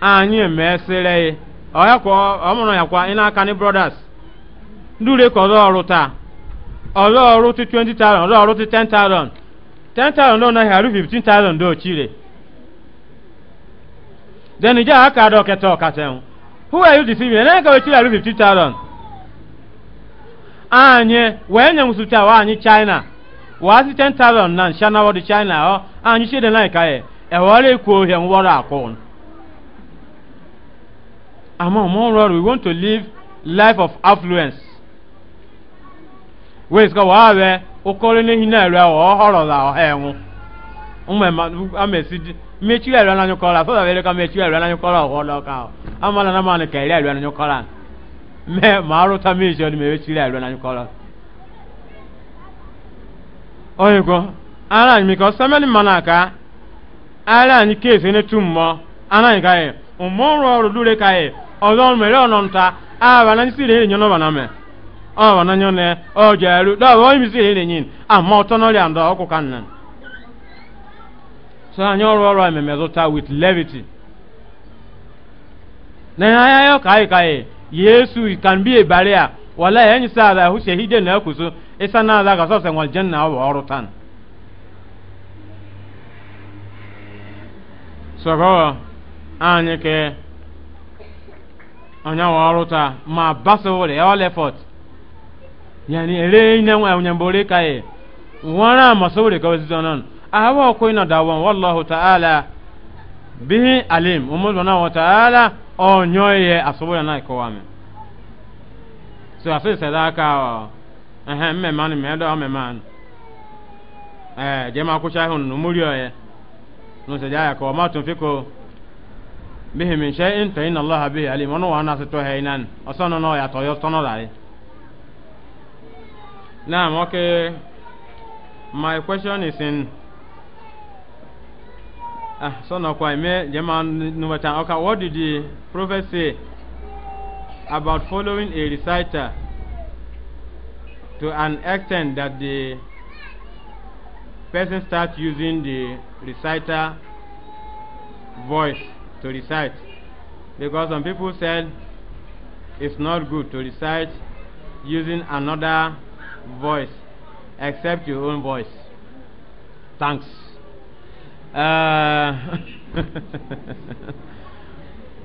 anyị mesịrị ọ ya kwa ọ ya kwa ị na-aka ni ndure ka ọzọ ọrụ taa ọzọ ọrụ ti ọzọ ọrụ ti 10,000 thousand ten thousand ọ̀nà ìhàrú fifteen thousand aka who are you deceiving ẹ̀ náà kàwé chire àrú anyị wee nye nwụsụcha wa anyị china wa si 10,000 na nsha na china ọ anyị shede na ka ya e. ewere ikwu ohe nwọrọ akwụ ọrụ we want to live life of affluence wesika wa abe ukole ne nyina lwa o horo la o henwu umwe ma amesi mechi lwa na nyokola so da vele ka mechi lwa na o ka amala na mane ka lwa na nyokola me maro tamisho ni mechi lwa na nyokola oyego ala mi ko samani manaka ala ni kese ne ana nta ọ na nyone ọ jaru da wa mi sire ne nyin amma o tono ya ndo ko so anyo ro ro me me with levity na ya ya kai kai yesu can be a barrier wala yanyi sa da hu shehide na isa na da ga so se wal janna wa orutan so go anyi anya oruta ma baso le all effort yani ere ne wa nyen bore kai wara masore ka wasu non awa ko ina wallahu ta'ala bihi alim umul bana wa ta'ala o nyoye na ko wa so afi sadaka eh me man me do me eh jema ku hun numuriyo ye no se jaya ko ma tun bihi min shay'in fa inna allaha alim osono no ya to tono Now okay. My question is in. Ah, so now kwa ime jema number ten. Okay, what did the prophet say about following a reciter to an extent that the person starts using the reciter voice to recite? Because some people said it's not good to recite using another voice except your own voice. Thanks.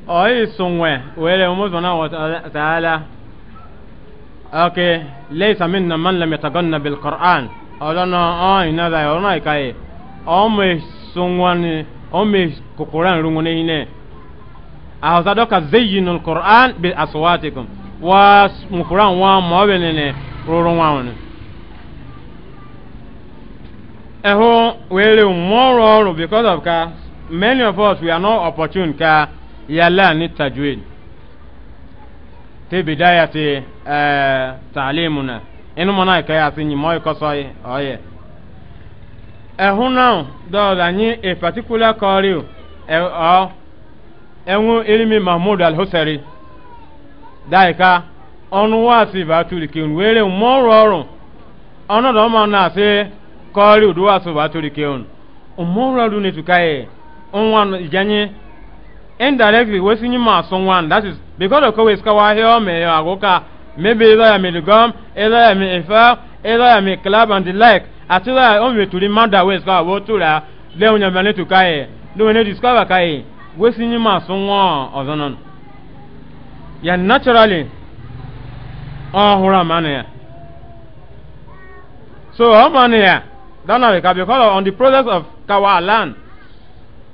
Oyi sunwe wele mu zona wa ta'ala okay laysa minna man lam yataganna bil qur'an odana ay na da ona kai o me sunwani o me kokoran rungone ine ahza doka zayyinul qur'an bi aswatikum wa rụrụ nwanwụnụ ehu were mmụọ ọrụ because of ka many of us we are not opportune ka yala ni tajwid te eh te ta'limuna inu mona ka ya tin mo ko so oye ehun now do da ni a particular call e o enwu ilimi mahmud al-husari ka ọnụ wasị batuli keun were mmọrụ ọrụ ọnọdụ ọma na-asị kọrị udu wasị batuli keun mmọrụ ọrụ na-etukaghị e, nwa ijanye indirectly wesi nyima asụ nwa that is because of kowes kawa ahịa ọ mee agụka maybe either ya mere gum either ya mere efe either ya mere club and the like ati ya o metuli mmadụ awes kawa wee tụrụ lee onye mere etukaghị e. lee onye discover kaghị e, wesi nyima asụ nwa ọzọ nọ ya naturally ọhụrụ amanụ ya so ọmanụ ya dana wika because on the process of kawalan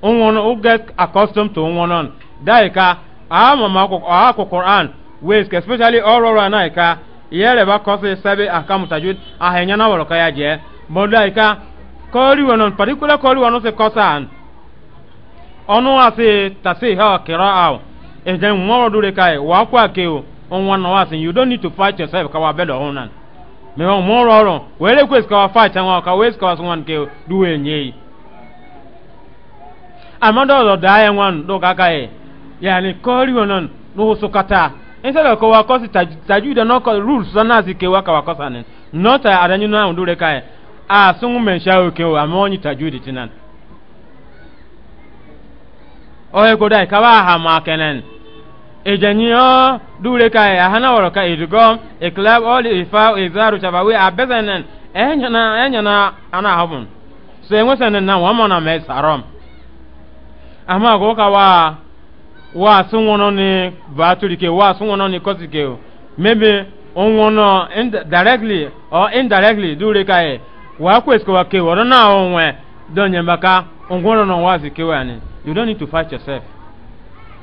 nwụrụ who get accustomed to nwụrụ daa ka ama akwụ quran ways especially ọrụ ọrụ anaghị ka yere ba kọsị sebe akamụtajud ahịnya na wọrọ ka ya jee ma daa ka kọri wọn particular kọri wọn sị kọsan ọnụ asị tasị ha kịrọ ahụ ejen nwọrọ dure kai e, wa akwa kewu on one no asin you don't need to fight yourself ka wa bedo ọhụrụ na on mo ro ro we le kwes wa fight an ka wes ka wa sun nke du we nyi amado do da yan wan do ka ya e. ya ni kori wonon nọ so kata instead of ko wa ko tajuda no ko rules sana zike wa ka wa ko sanen not adanyu na ndure ka e a sun men sha o ke wa mo nyi tajudi tinan oye ko dai ka wa ha ma kenen ejaniyo dure kai ahana woro ka idgom iklab ol ifa izaru tabawi abezanen enyana enyana ana habun so enwe sanen na wama na me sarom ama go ka wa wa sunwono ni baturike wa sunwono ni kosike maybe onwono directly or indirectly dure kai wa kwesko wa ke woro na onwe donye maka onwono no wazi ke wani you don't need to fight yourself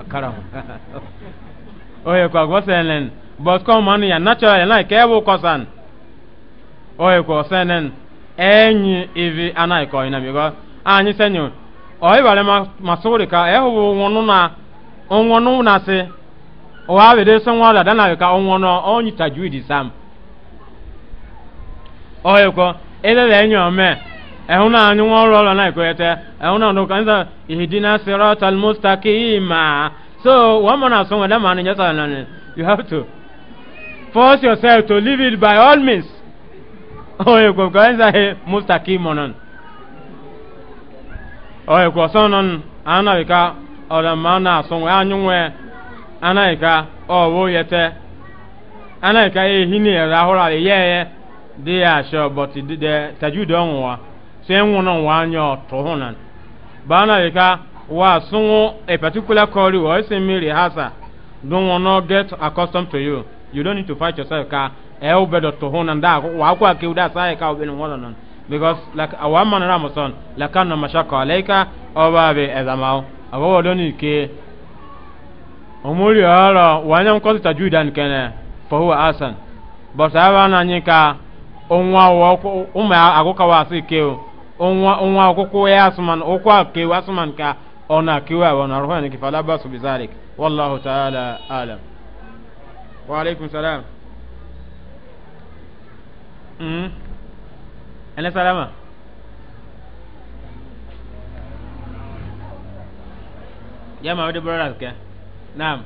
akara oye kwa gwasenen but come on ya natural na ke bu kosan oye kwa senen enyi ivi anai ko ina bigo anyi ah, senyo oye bale ma masuri ka e hu wonu na onwonu na se o wa be de so nwa dana ka onwonu onyi tajwidi sam oye kwa ele le enyo me ehuna anyi nwọrọ ọrụ na ikwete ehuna ndo kanisa ihdina siratal mustaqima so one man as one man in yasa nani you have to force yourself to live it by all means oye ko kanisa he mustaqima nọ oye ko sonon anabika ọrụ na as one anyi nwe anabika ọwụ yete ehi na ẹrọ ahụrụ ala yeye dị ya asọ but dị tajụ dị ọnwụwa senwunon wanyo tohunan bana yika wa sungu a particular kori wa isi miri hasa don wono get accustomed to you you don't need to fight yourself ka e u bedo tohunan da wa kwa ki uda sai ka ubin wonon because like a awa man ramson la kana mashaka alayka oba be ezamao abo wodoni ke omuri ara wanyam ko Judan kene fa huwa asan but awa na nyika onwa wo umma agoka wa sikeo onwa onwa okoko ya asman okwa ke asman ka ona kiwa wa na roho ne kifala basu bizalik wallahu ta'ala alam wa alaikum salam mm ana salama ya ma wadi brothers ke naam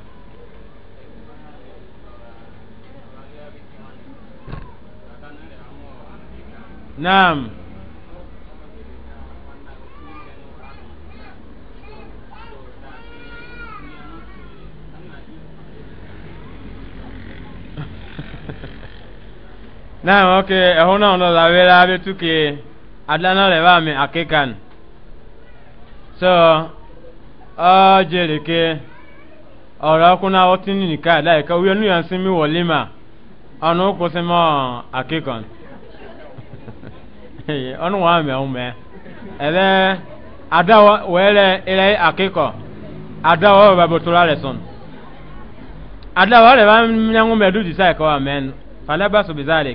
naam naam ok ehuna ono da wela abe tuke adana le ba mi akekan so o jere ke ọ̀rọ̀ kuna ọtí nìka ẹ̀dá ẹ̀ka wíwẹ́ nu yansi mi wọlé ma ọ̀nà òkú sí mọ́ akekan ọ̀nà wà mẹ́ ọ̀mẹ́ ẹ̀dẹ́ adáwọ̀ wẹ́rẹ́ ilẹ̀ akekọ̀ adáwọ̀ ọ̀rọ̀ bàbá tó rárẹ̀ sọ̀n adáwọ̀ ọ̀rẹ̀ bá ń nyàngún mẹ́ẹ̀dúdì sáà ẹ̀kọ́ wa mẹ́nu falẹ́ bá sọ bizarre.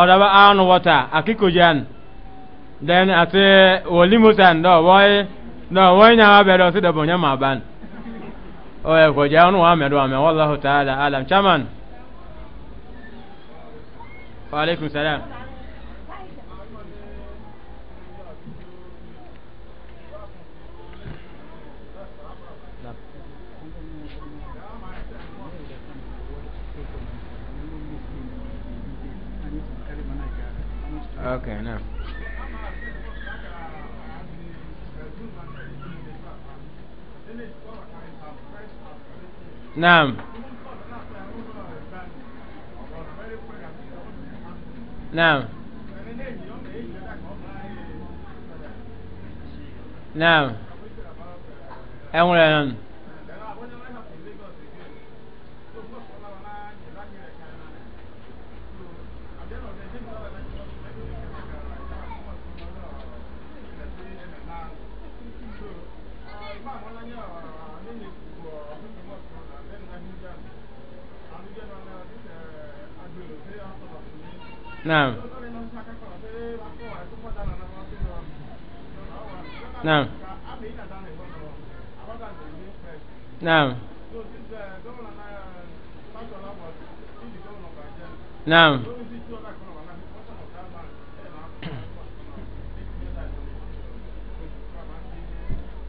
ọdaba anu wata akikujan then ati wolimusan dɔ wɔyi dɔ wɔyi nyama bɛ dɔ si dɔ bonya ma ban o yɛ kɔjɛ ɔnu wa mɛ do wa mɛ taala alam caman. wa aleykum salaam. Okay, now. Nam. Nam. Nam. Nam. Nam. Nam. Naam. Naam. Naam. Naam.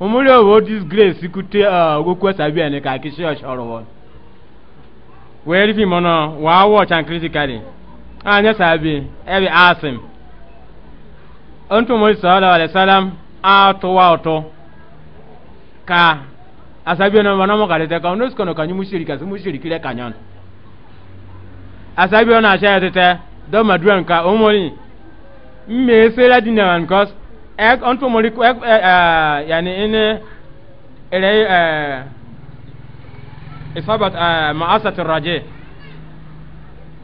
omuli owo disgrace kute ah, ogwokwesabia ne kakishe oshorowo weri fi mono wa watch and critically anya sabi ebi asim onto mo sallallahu alaihi wasallam ato wa oto ka asabi ono mono mo kalete ka onos kono kanyu mushirika se mushirikire kanyon asabi ono asha yete do maduan ka omoli mmesera dinawan cause ek onto mori ko ek eh, eh, yani ine ere eh, isabat ma'asat raje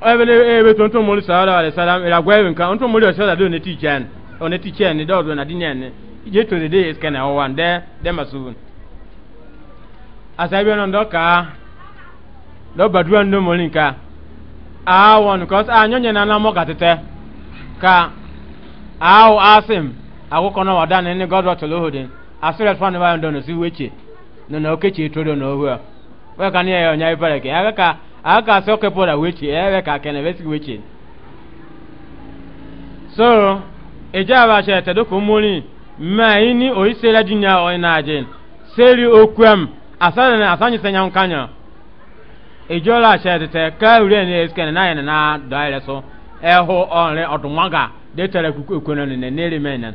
ebele ebe to onto mori sallallahu alaihi wasallam ila gwe nkan onto mori na dinya ne je to de is kan o wan de ka nka na anamọ ka asị m. akwụkwọ n'ọwa wada na ndị gọdọ tụrụ ohodin asịrị ọtụtụ wa ndo na siwe che na na na ohu a ka asị oke pụrụ wechi ebe ka so o isere dunya o na ajin seri okwam asara na asanyi senya nkanya ejola che te ka ure na esken na yana na daire so eho onre odumaga de tere na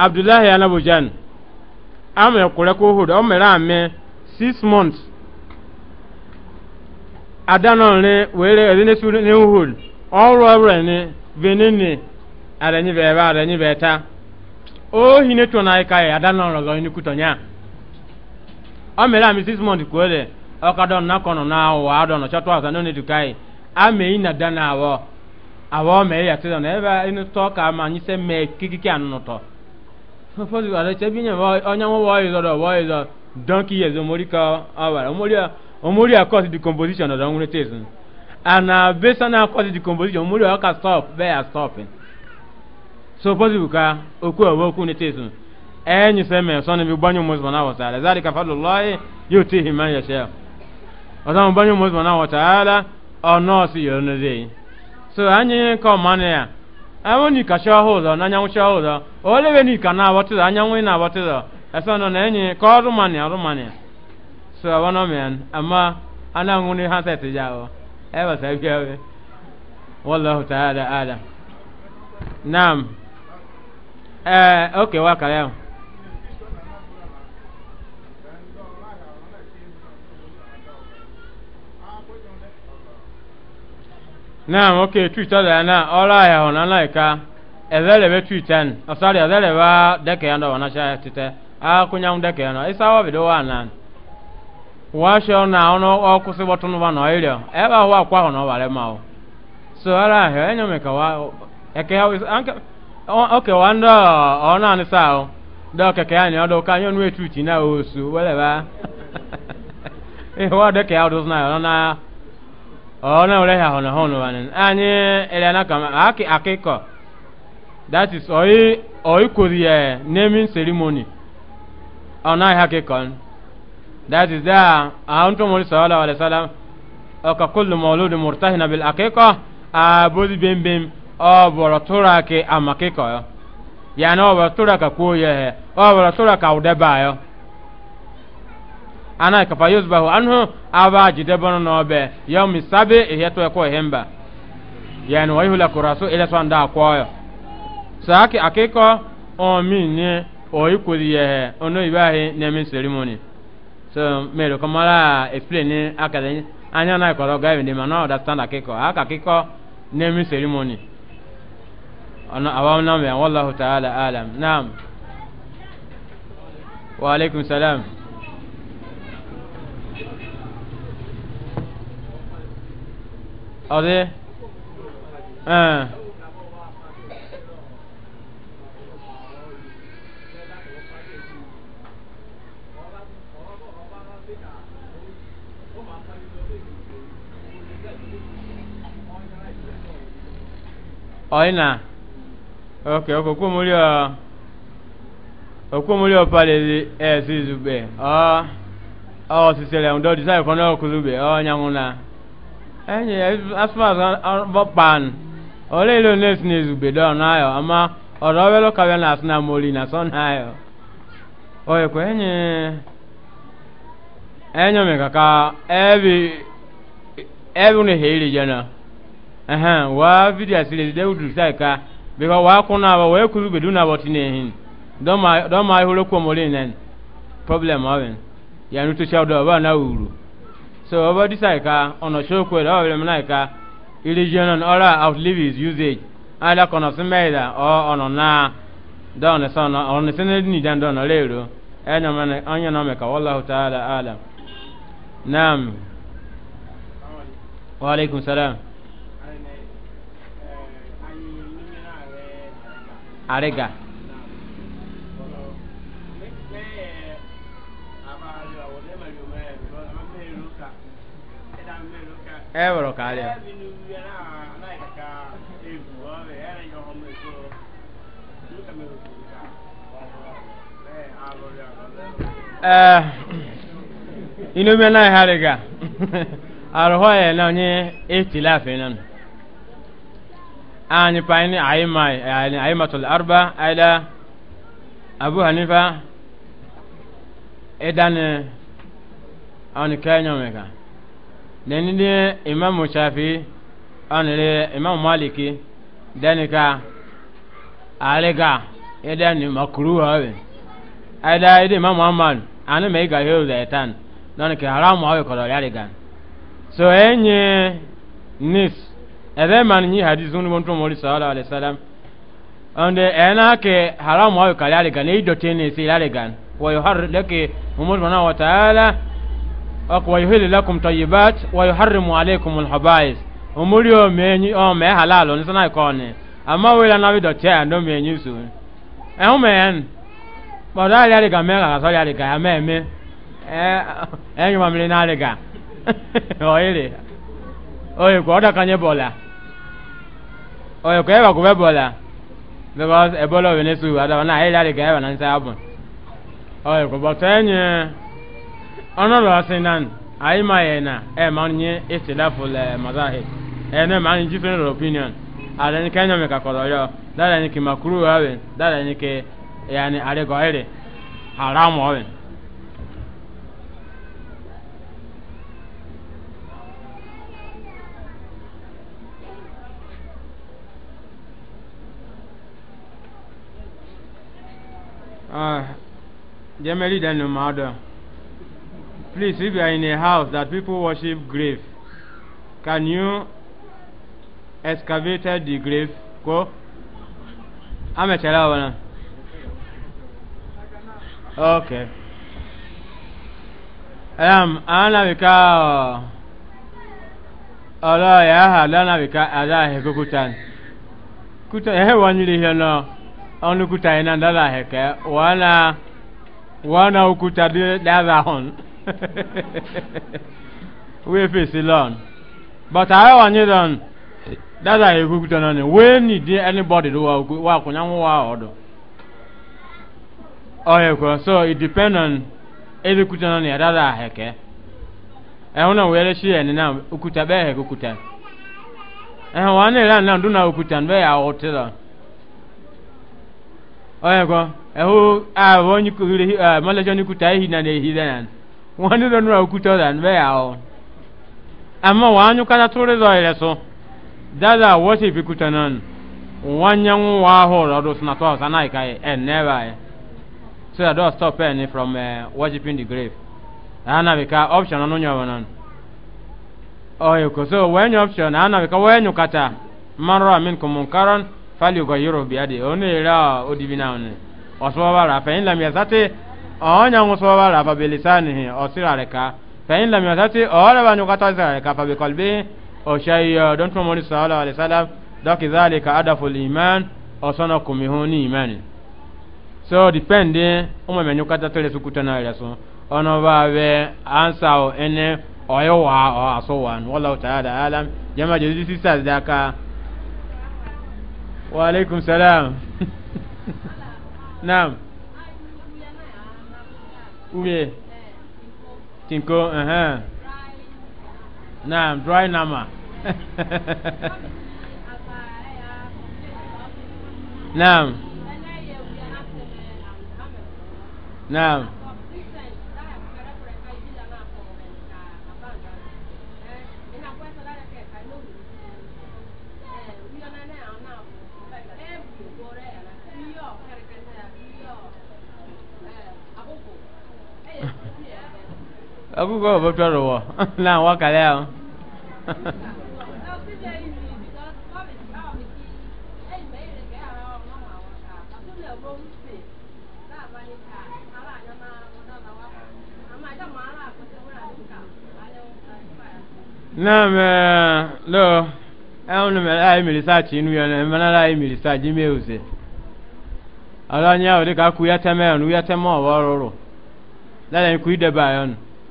abdullahi anabujan amere kure ko hud o mere ame six months adanọrin were ezine su ne hud ọrụ ọrụ ni venini arenyi bẹ ẹba arenyi bẹ ta o hine tó na ika e yẹ adanọrin lọ ni kutonya o mere ame six months kuro de ọkadọ na kọnọ na awọ adọ na chọtọ asa n'one dukai ame yi na dana awọ awọ mere ya ti na e ebe inu tọ ka ama anyi sẹ mee kikiki anụ n'ụtọ. fosi ala tɛ bi ɲɛ ɔɲamɔ waa yezɔ dɔ waa yezɔ dɔn k'i yɛzɔ mori ka awara mori a mori a cause di composition dɔ dɔn ŋun te sun ana bɛ sani a cause di composition mori a ka stop bɛɛ a stop so fosi ka o ko o ko ne te sun ɛɛ nyi sɛ mɛ sɔni bi bɔnyɔ mɔ sɔnna wa taala zari ka fa lɔlɔ ye yóò te hima yɛ sɛ o sɔn bɔnyɔ mɔ sɔnna wa taala ɔ nɔɔsi yɛrɛ ne de ye so an ye kɔ awoni ọhụụ shahuzo na anyanwụ shahuzo olebe ni ka na-abọtịzọ anyanwụ ị na-abọtịzọ esa nọ na enyi ka ọ ọrụ rumania so awọnọ mian ama anyanwụ ni e ya ọ ebe sa ebe naam okay twitter da na ọla ya hụ na naika ezelebe twitter oh, ọsari ezelebe deke ya ndọwa nacha tite akwụnyanwụ deke ya nọ ịsa wa bido wa na washo na ọnụ ọkwụsị bọtụnụ ba na ọrịa ebe ahụ akwa ahụ na ọbara ma ọ so ọla ahụ enyo meka wa eke ya oke wa ndị ọ naanị sa ahụ ya na ọdụ ka anyị ọnụ etu na osu weleba ihe wa deke ya ọdụ na ya ọ ona ule ya hono hono wanen anye ele na kama aki akiko that is oi oi kuriye naming ceremony ona ya akikon that is da antu mu sallallahu alaihi wasallam aka kullu mawlud murtahina bil akiko abudi bim bim o boro turake amakiko ya na o boro turaka kuye o boro turaka udeba yo ana kafa yusbahu anhu aba jidebano nobe yomi sabi iheto eko hemba yani wa yuhla kurasu ila swanda akoyo saki akiko omine oikuliye ono ibahi nemi ceremony so mero kamala explain akadeni anya na ikoro ga ebi ndima na understand akiko aka akiko nemi ceremony ana awam na me wallahu ta'ala alam naam wa alaikum salam ọdị ee ọyịna ok okokomori ọ okomori ọ palezi esi izugbe ọ ọ sisere ndo disaifu n'okuzugbe ọ nyanwụ na. enyi as far as pan ole ile ole n'ayọ ama ọdọ welo kabịa na asị na moli na sọ n'ayọ oyekwe enyi enyo mi kaka ebi ebi ne heri jana wa video sile de udu sai ka wa kuna ba we na boti ne don ma don ma problem awen ya nuto shaw do so over this I ka on a show kwere over them like uh, religion and all outlive his usage either kono simeida or on na don so on on the senate ni dan don lero enya man anya na me ka wallahu ta'ala alam nam wa alaikum salam eh, eh, eh, arega ɛwɔrɔ eh, kaa eh, inu bɛ n'a ye hali ka na nye etila la na ani pa ni ayi ayi arba ayi abu hanifa ani deni de imamu shafi anire imamu maliki deni ka ale e makuru hawe ida ida e imamu ahmad anu mai ga hiyo da etan don ke haramu hawe kodo yari gan so enye nis ebe mani ni hadisi ni wonto mori sallallahu alaihi wasallam onde ena ke haramu hawe kali yari gan ido tene si yari gan leke yuharr laki umur wa ta'ala ọkọ̀ wàyíhìlì lẹ́kùn tọ́yìbát harimu aleikum alhabais omori o mẹ́yìn ọ mẹ́ halal ní sanáì kọ́ ni àmọ́ wíìlà náà bí dọ̀tí ẹ̀ ndó mẹ́yìn sùn ẹ̀hún mẹ́yìn bọ̀dọ̀ àlẹ́ àdìgà mẹ́rin àkàsọ́ àlẹ́ àdìgà àmẹ́ ẹ̀mí ẹ̀yìn mọ̀mìlì náà àdìgà ọ̀yẹ̀lẹ̀ ọ̀yẹ̀kọ̀ ọ̀dà kan yẹ bọ̀là ọ̀yẹ̀kọ̀ ẹ̀bà kò bẹ́ bọ̀là because ẹ̀bọ́lọ̀ wẹ̀ ní sùn àdàbọ̀ náà àyẹ̀lẹ̀ àdìgà ẹ̀bà náà ń sẹ́ àbùn ọ̀yẹ̀kọ̀ bọ̀tọ̀ ẹ̀yìn ono lo asinan ayi ma yena e ma nye itilaful mazahib e ne ma nye different opinion ala ni kanya me ka koro yo dala ni ki makru awe dala ni ki yani ale go ere haram awe ah jemeli danu ma Please, if you are in a house that people worship grave, can you excavate the grave? Go. Amechela wana. Okay. Um, ana wika ọlọ ya aha lana wika ada ahekọ kutan. Kuta ehe wanyiri ihe nọ kuta ina ndala aheke wana wana ukuta dị dada ahụ. wee face learn but I want you done that I go to none we need anybody to work wa kunya wa odo oh yeah so it depend on every kuta none that I heke una shi na ukuta be na ukuta be ya oh yeah a malaja ni ne wani don ra ukuta dan be Ama ọ wanyu kada tore ịzọ ile so dada wose bi kutanan wanya wa ho rodo sna to sana ikai and eh, never eh. so that don't stop any from uh, eh, worshiping the grave ana bika option anu nyawa nan oyo ko so when option ana bika when kata marra minkum munkaran falyughayyirhu bi yadi onira odibina on oswa bara fa in lam yazati onya ngusoba la babilisanihi osirareka fain lam yatati ole banyukata osirareka fabikolbi oshaiyo don tumamoni sallallahu alaihi wasallam doki dhalika adafu liman osona kumihuni imani so depende umwe menyukata tole sukutana ile so ono babe ansa o ene oyo wa o aso wan wallahu ta'ala alam jama jodi sisa daka wa alaikum salam naam uye tinko uh -huh. naam dry nama naam naam akụkọ ọbọtọrọ wọ na awakalị ahụ naam lo ɛwọn mɛ ayi mi research inu yɛ mɛ nana ayi mi research ime ose ɔlɔ nyɛ o de ka ku yɛtɛmɛ yɛ nu yɛtɛmɛ ɔwɔ roro lɛlɛ ku yi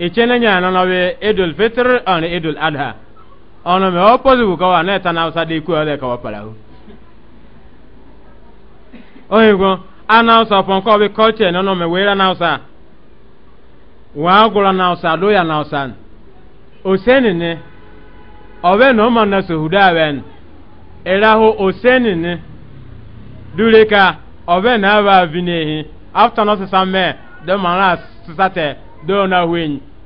ichene nya na nawe idul fitr on idul adha ono me opozu ko wa na ta na usa de ku ole ka wapala hu oyego ana usa pon ko be culture no no me wera na usa wa agura na usa do ya na usa oseni ne obe no man na so huda ben eraho oseni ne dureka obe na ba vinehi after no se samme do man ras sate do na wenyi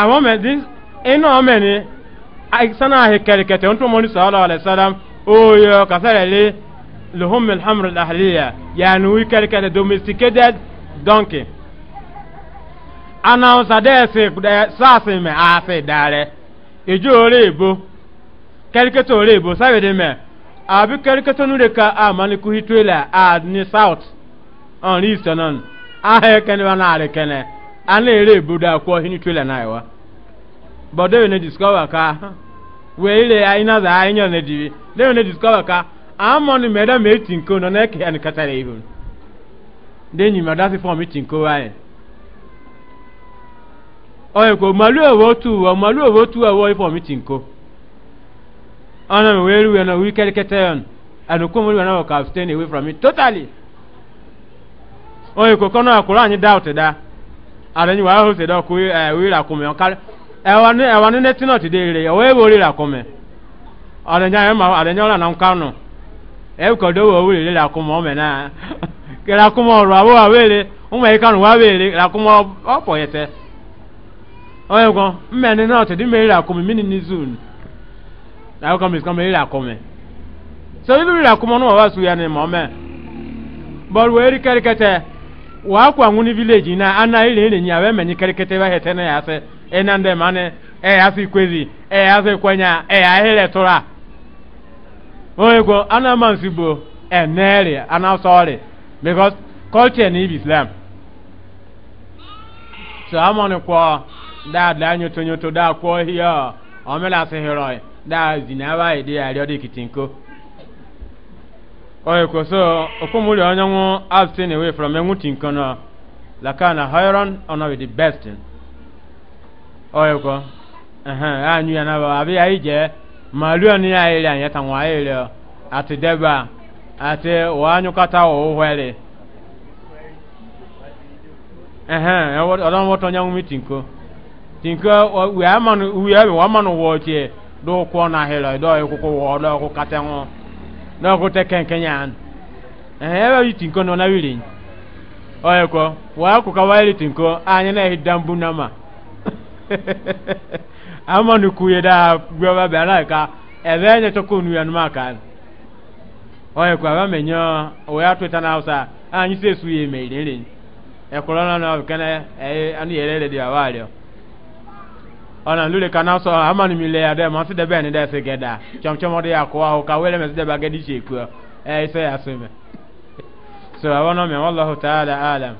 àwọn mẹ dis iná ọmọ ni sanni ahi kẹrikẹtẹ ntọ́ mọ́ni sọ́ọ́lọ́ alẹ́ sálám oyè kasẹ́rẹ́ lé lehum alhamdu lahaliya yaani wi kẹrikẹtẹ domesticated donkey anawusa dẹ́ẹ̀sì sáàsì mẹ́ àásì dàrẹ́ ìjọ orí ìbò kẹrikẹtẹ orí ìbò sábẹ̀dẹ̀ mẹ́ àbí kẹrikẹtẹ nu de ka àmàlí kuhi tuwila àní south ọ̀n rí ìsọ̀nà ahẹ́ kẹ́ni wọn náà rí kẹ́ni. ana ere ebodo akwọ hini trailer na iwa but they ne discover ka we ile aina za aina ne divi they ne discover ka amon me da me tinko na ke an katare ibun de ni ma da se tinko wa e oye ko malu ewo tu wa malu ewo tu wa wo form tinko we ru we na we and ko mo ka abstain away from it totally oye ko kono akura da alẹ́ni wàá hó ṣe dọ́kú ẹ̀ eh, wíra kùmẹ̀ ọ̀kárẹ́ ẹ̀wà ní nẹ́tí náà ti dé rẹ̀ ọ̀wọ́ èwo ríra kùmẹ̀ ọ̀dẹ̀nyà ẹ̀ máa ọ̀là náà kánù ẹ̀ dọ́wọ́ òwúrẹ̀ ríra kùmẹ̀ ọ̀mẹ̀ náà kíra kùmẹ̀ ọ̀rọ̀ àwọ̀ àwẹ̀rẹ̀ ọmọ yìí kánù wàá wẹ̀rẹ̀ kíra kùmẹ̀ ọ̀pọ̀ yẹtẹ ọ̀yẹ̀ mmẹ̀ni náà wa kwa nguni village na ana ile ile nyawe menyi kerekete ba hetene ya se enande mane e ya si kwezi e ya se kwenya e ya hele tora oyego ana mansibo enere ana sorry because culture ni islam so amon kwa da da nyoto nyoto da kwa hiya omela se heroi da zinawa ide ya riodo kitinko oye ko so okomuli onyanwu abstain away from enwuti nkono lakana hairon ona with the best oye ko ehe anyu ya na ba abi ayi je malu ani ya ile anya tan wa ile ati deba ati wa anyu kata wo hwele ehe odon woto nyanwu mitinko tinko we amanu we amanu wo je do ko na helo do ko ko wo do kata ngo na ko te ken kenyan eh ba na wiri oye ko wa ko ka wa yitin ko anya na hidambu na ma ama nu kuye da gwa ba ba na ka ebe nye to ko nu ya ma ka oye ko ba menyo to tana usa anyi se suye me ire ire e ko na na ka na e anu yere de wa rio ana lule kana so amani mile ya de ma si de beni de se geda chom chom de akwa o ka wele me si de bagedi cheku eh so ya so me so awono me wallahu ta'ala alam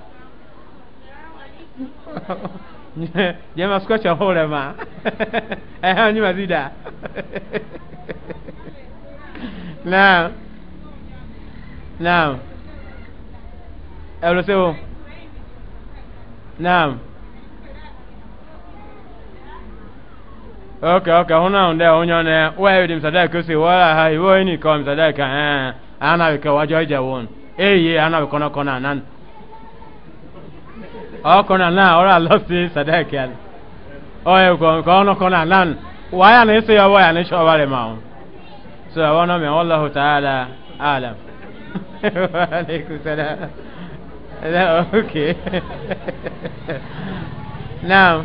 jema skocha hole ma eh anyi mazida naam naam Euloseo. Naam. okay okay huna unde unyone wewe ni msadai kusi wala hai wewe ni kwa msadai ka eh ana wika wajoja won eh ye ana wikona kona nan kona na ora losi sadai ka oye ko kono kona nan waya ne se ya waya ne sho wale maun so wana me wallahu taala alam wa alaikum salam okay now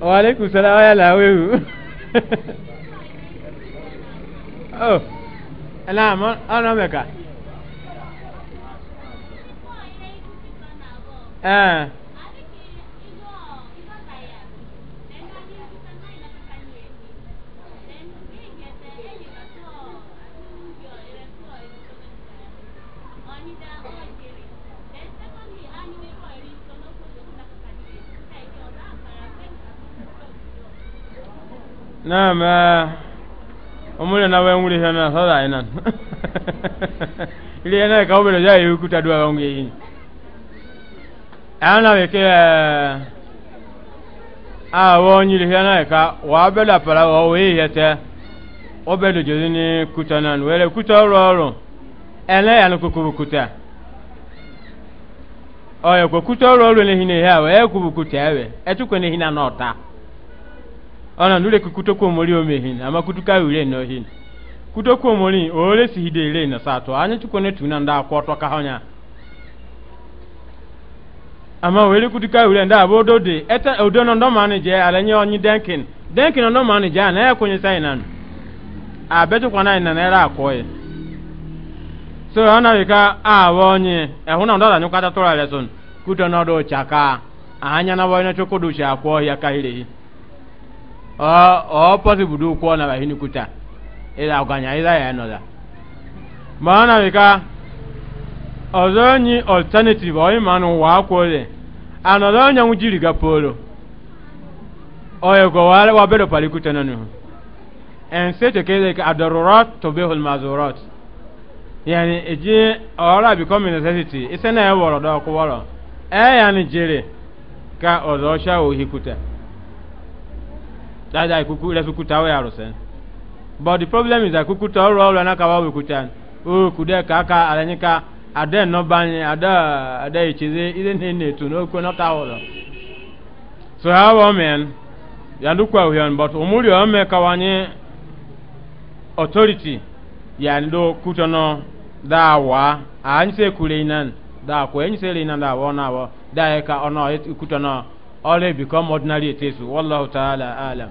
waaleykum salaam wa yàlla wewu oh naam ọ̀nà mẹ́ka. naam eh, omuli nawe ngulisa na sala ina ili ena ka obele ja yukuta dua wangu yini ana weke eh, a wonyi lisa na ka wa bela pala wa we yete obele jozini kutana wele kuta roro ele ya nukukuru kuta oyo kwa kuta roro ne hine ya kubukuta hina nota ana nule kukuto ko mori o mehin ama kutuka ure no hin kuto ko mori ole si hide ile na sato anya chuko ne tuna nda akwoto ka honya ama wele kutuka ure nda abodo de eta odono ndo mani je alenye onyi denkin denkin ndo manager je na ya kunye sai nan abeto kwana ina na era akoye so ana wika awo onye e huna ndo da nyukata tola leson kuto no do chaka anya na boyno chokodu sha akwo ya kahire Ah, o oh, possible du ko na hini kuta ila ganya ila ya no Ma maana bika ọzọ nyi alternative o imanu wa ko le anodo nya ngujiri ga polo oye go wale wa bedo pali kuta nanu en sete kele ka adarurat tubihul mazurat yani eji ora become necessity isena e woro do ko woro ya yani jere ka ozo sha ohi kuta. that ikuku could let could away arose. But the problem is I could all roll and I can could Oh, kude kaka alanika ada no bany ada ada ichize isn't in to no could So how amen yandukwa uyan but umuri ome oh, kawanye authority yando kutono dawa ah, anyse kuleinan da ko enyise leinan da wona wa da ka ono kutono all become ordinary it is wallahu ta'ala alam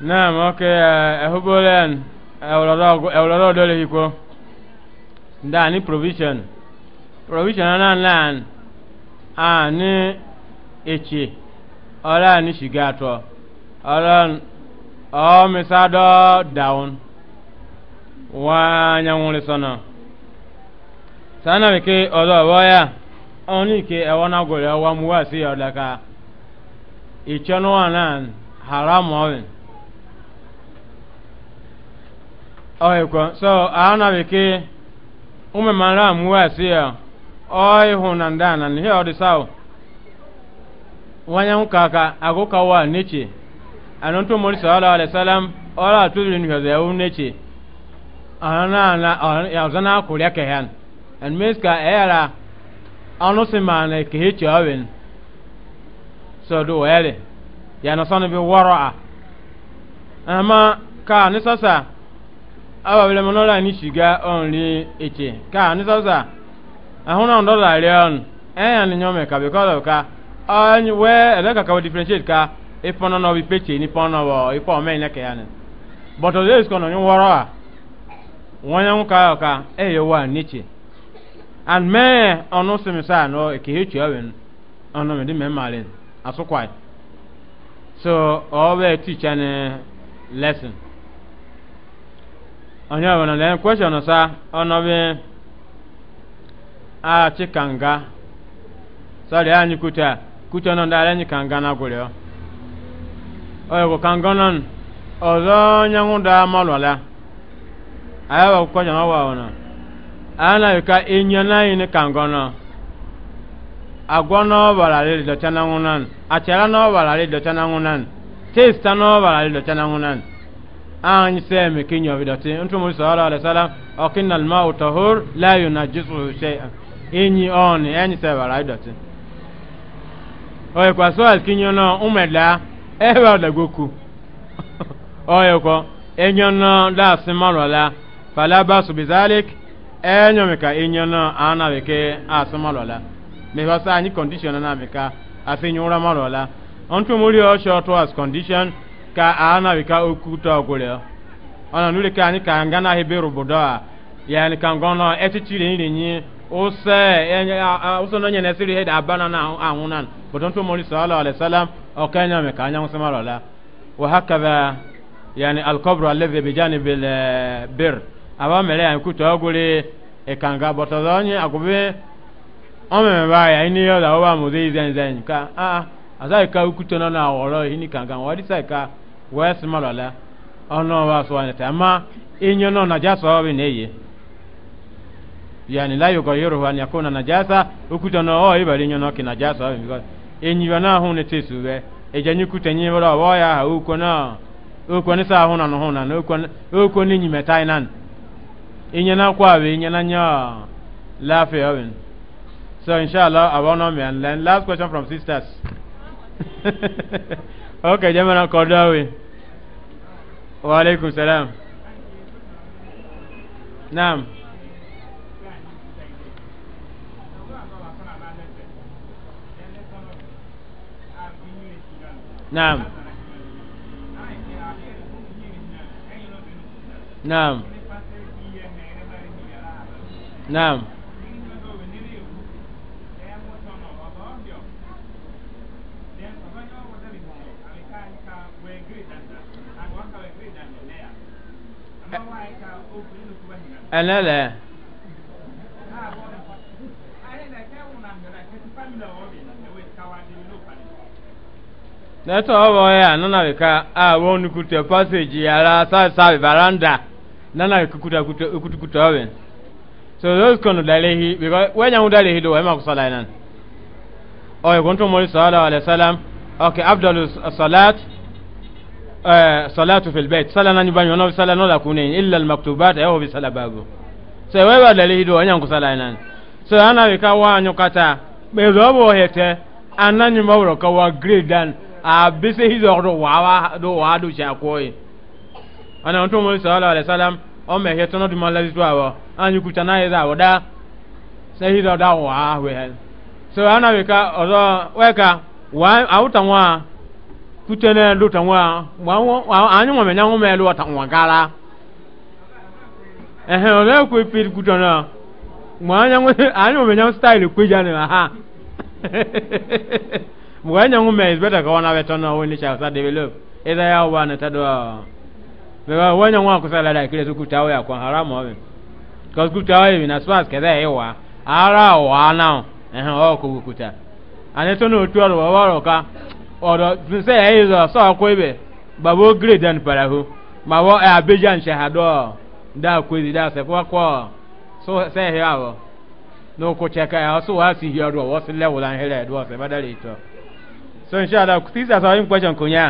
Naam, okay, eh, ehubolen ewloro eh, eh, dole hiko. Da ni provision. Provision na lan a ni echi. Ola ni shigato. Ola o misado down. Wa nyanwule sana. Sana wike odo boya. Oni ke ewona gore wa muwa si odaka. Ichono anan haram owen. oyi ko so ana wiki ume mara muwa siya oyi hunan dana ni the di sawo wanyan kaka ago kawa nichi anon to mori sallallahu alaihi wasallam ora to ni hiyo ya unichi ana na ya zana kuriya kehan and miska era ano simane ke hichi awen so do ele ya na sanu bi wara ama ka ni sasa awa bile mono la ni shiga only eche ka ni sasa ahuna ndo la leon eh ani nyome ka be ko ka anyi we ele ka differentiate ka ipono no bi peche ni pono wo ipo me ne ke yani but o yes kono ni woro a wonya ka ka eh, e yo wa niche and me ono se mi sa no e ke hechi awen ono me di me malen aso kwai so all we teach an lesson onye wana le? kweshọn sa ọnọbi a chikanga sọrọ anyị kuta kuta nọ ndara anyị kanga na gwụrịọ oyoko kanga nọ ọzọ onye nwụda malwala ayawa kweshọn ọwa ọnọ ana yuka inye naanị ni kanga nọ agwọ n'ọbara rịrị dọcha na nwụnan achara n'ọbara rịrị dọcha na nwụnan testa n'ọbara rịrị dọcha na nwụnan an seme kin yo bidati ntu mu sallallahu alaihi wasallam o kinnal ma'u tahur la yunajjisu shay'an inyi on enyi se bara idati o e kwa so as kin yo no umeda e ba da goku o e ko enyo no da simalola fala basu bizalik enyo me ka enyo no ana be ke asimalola me ba sa anyi condition na me ka afinyo ramalola ntu mu ri o short was condition ka na wika okuta okule ana nule ka anyị ka ngana hebe rubuda yani ka ngono etitire ni nyi ose enye ose no nyene siri heda abana na ahunan boton to moli sallallahu alaihi wasallam o kanya me kanya musema rola wa hakadha yani alqabr alladhi bi janib eh, bir aba kuta e agube ome oba muzi zen zen ka a azai ka na wadi sai ka wɛsi malala ɔnɔ wa sɔ wani tɛ ama inyo nɔ najasa wa bi n'eye yanni la yɔgɔ yɔrɔ wa ni na najasa okuta nɔ ɔ ibali inyo nɔ ki najasa wa bi because enyiwa naa hun ne te su bɛ ejanyi kuta nyi bɔra wɔ ya ha oko naa oko ne saa hun na no hun na no oko ne nyimɛ taa nan inyo na kɔ a bi inyo na nyɔ laafee wa bi so inshallah i wan know me and learn last question from sisters. okay jamana kodawi wa alaikum salam naam naam naam naam ɛlɛlɛ nɛtɔ ɔbɔ yɛ nana bi ka a wɔn ni kuta passeji ara sabi sabi varanda. nana bi kuta kuta kuta kuta ɔbɛ so those kɔnu dalehi because wɛnyɛ ŋun dalehi do ɛma kusa lai nan ɔyɛ kuntu mori sɔɔla alayisalam ɔkɛ abdul salat. Eh, salatu fil bait sala nani banyo no sala no la illa al maktubat ayo bi sala babu so we wa dalili do nyanku sala nan so ana bi ka wa nyu kata be zo bo hete anani ka wa dan a bi se hizo wa wa do wa do cha ana onto mo sala alayhi salam o me hete no di malazi to awo anyu kuta na se hizo da wa we ana bi ka ozo we ka wa awuta kutene luta wa anyi mo menya ngome lu ta ngala ehe ole ku pir kutona mo anya ngwe anyi menya style ku jane ha mo anya ngome is better ka wana betona woni cha sa develop ida ya wana ta do bewa wanya ngwa ku sala da kire su kutawo ya kwa haramu abe cause kutawo ni na spas kada yewa ara wa na eh, o ku kuta aneto no tuwa wa waroka ọ̀rọ̀ sísẹ́ ẹ̀ yìí sọ ọkọ̀ ibẹ̀ bàbá ó gírè dẹ́nu pẹ̀lẹ́hu mà wọ́ ẹ̀ abéjà ń ṣàhádọ́ dá kwezi dá sẹ́fọ́ kọ́ so ẹ̀ àwọ̀ n'okwu chẹ́ka ẹ̀ ọ̀sọ́ wàá sì hì ọ̀rọ̀ wọ́n sì lẹ́wọ̀ la hẹ́rẹ́ ẹ̀dọ́ ọ̀sẹ̀ bàdà lè so inshallah sísẹ́ àtọ́ yín kwẹ́sọ̀n question kunya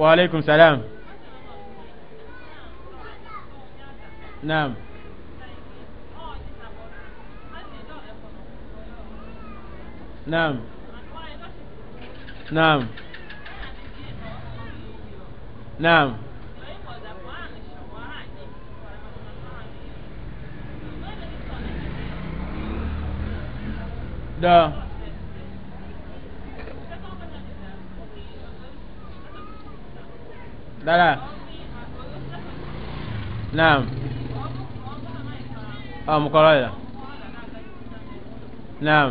wa alaikum salam. naam. naam. نعم نعم da dara naam ah mukoroya naam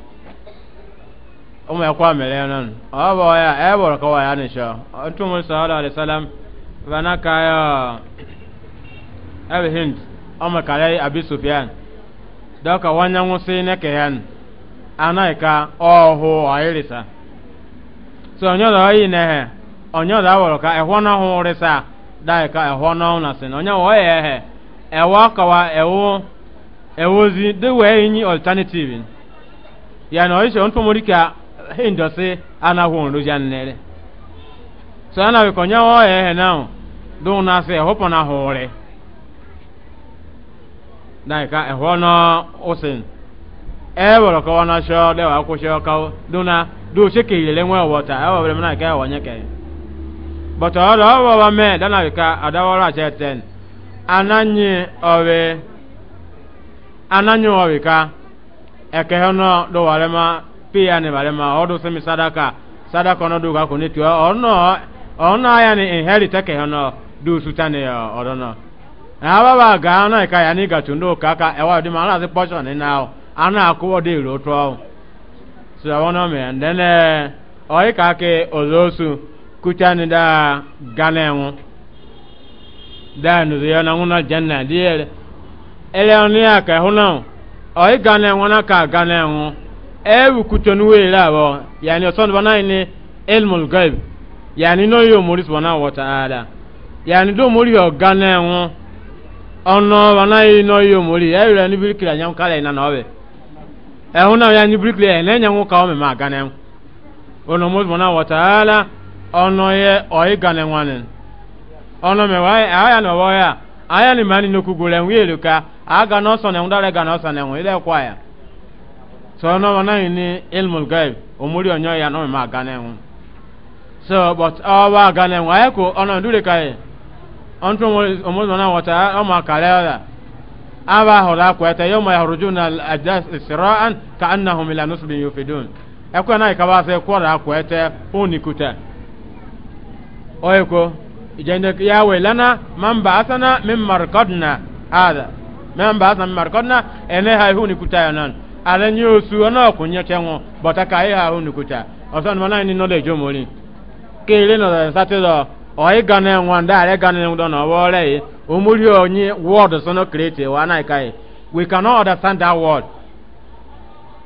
ụmụ ya kwa mere ya nan ọ bụ ya e bụrụ kọwa ya nisha otu mụ sallallahu alaihi wasallam bana ka ya ebe hind ọmụ kare abi sufyan dọka wanya nwụsị neke ya anaghị ka ọhụ ọyịrịsa so onye ọdọ ọyị nehe onye ọdọ abụrụ ka ehụ na hụ rịsa daghị ka ehụ na hụ na sin onye ọwọ ya ehe ewe ọkọwa ewu zi dị wee inyi alternative ya na ọyịsha otu mụ ka hindosi anahun rujan nere so ana wi konya wo eh now do na se hopo na hore dai ka e hono osin e woro ko na sho de wa ku sho ka do na do se ke ile nwe e wo na ka wo nyeke but o do wo wa me da na ka ka do ma pia ni balema odu semi sadaka sadaka no duga ko nitio ono ono aya ni inherit ke ono du sutane odono na baba ga ono ka ya ni gatundo kaka ewa di mara the portion ni now ana akuwo de ro to so i want me and then eh ka ke ozosu kutani da galenwu da nu ya na nguna janna di ele ele oni aka hunu oi galenwu na ka ewu kuton wele abo yani oson ni ilmul ghaib yani no yo muri subhanahu yani do o ono ni no yo muri e re ni birikira nyam kala ina no be e huna ya ni birikira e ne nyam ka o me ma gane won ono muri subhanahu wa ta'ala ono ye o i gane won ono me wa aya no wa ya aya ni mani no kugule nwi eluka aga no so ne ndare ga no so ne ile ya so no wana ni ilmul gaib umuri onyo ya no ma gane hu so but awa oh, gane hu aye ko ona dure kai onto umuri wana wata o ma kale ala aba hola ko eta yoma yakhrujuna al ajas isra'an ka'annahum ila nusbin yufidun ekwa na ikaba se ko ra ko eta unikuta oye ko ijende ya welana man ba'athana min marqadna hada man asana min marqadna ene hay hunikuta yanan ale nye osu ona okunye chenwo bota ka iha unukuta osan mana ni no lejo mori ke ile no sate do oyi gana enwa nda ale gana enwa do no wore yi omuri onye word so no create wa na kai we cannot understand that word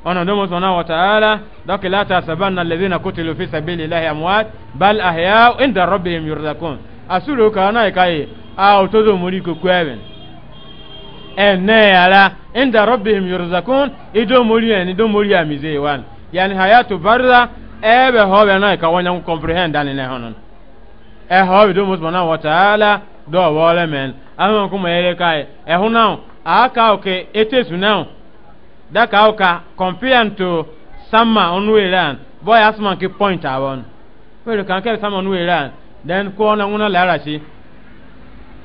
sọ ona ndomo sona wa taala doki la tasabanna alladhina kutilu fi sabilillahi amwat bal ahya'u inda rabbihim yurzaqun asuru ka na kai a otozo muri ko kweben ene yala inda rabbihim yurzakun ido muri en ido muri amize wan yani hayatu barza ebe be na ka wanya comprehend ani ne honon e hobe do musbana wa taala do wole men amma kuma yele kai e hunan aka oke etesu now da ka oka compare to sama onu iran boy asman ki point awon wele kan ke sama onu iran then ko na nguna larashi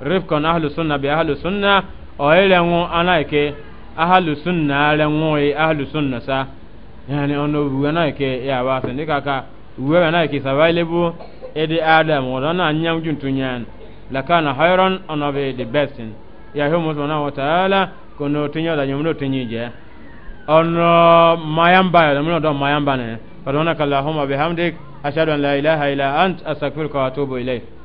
rifkan ahlu sunna bi ahlu sunna o ile nwu anaike ahlu sunna ale nwu e ahlu sunna sa yani ono buwe naike ya ba ndị nika ka uwe naike savailebu edi adam wala na hayran ono be the best in ya hu na wa taala kono tinya da nyumno tinyije ono mayamba do mayamba ne bihamdik ashhadu an la ilaha illa ant astaghfiruka wa atubu ilayk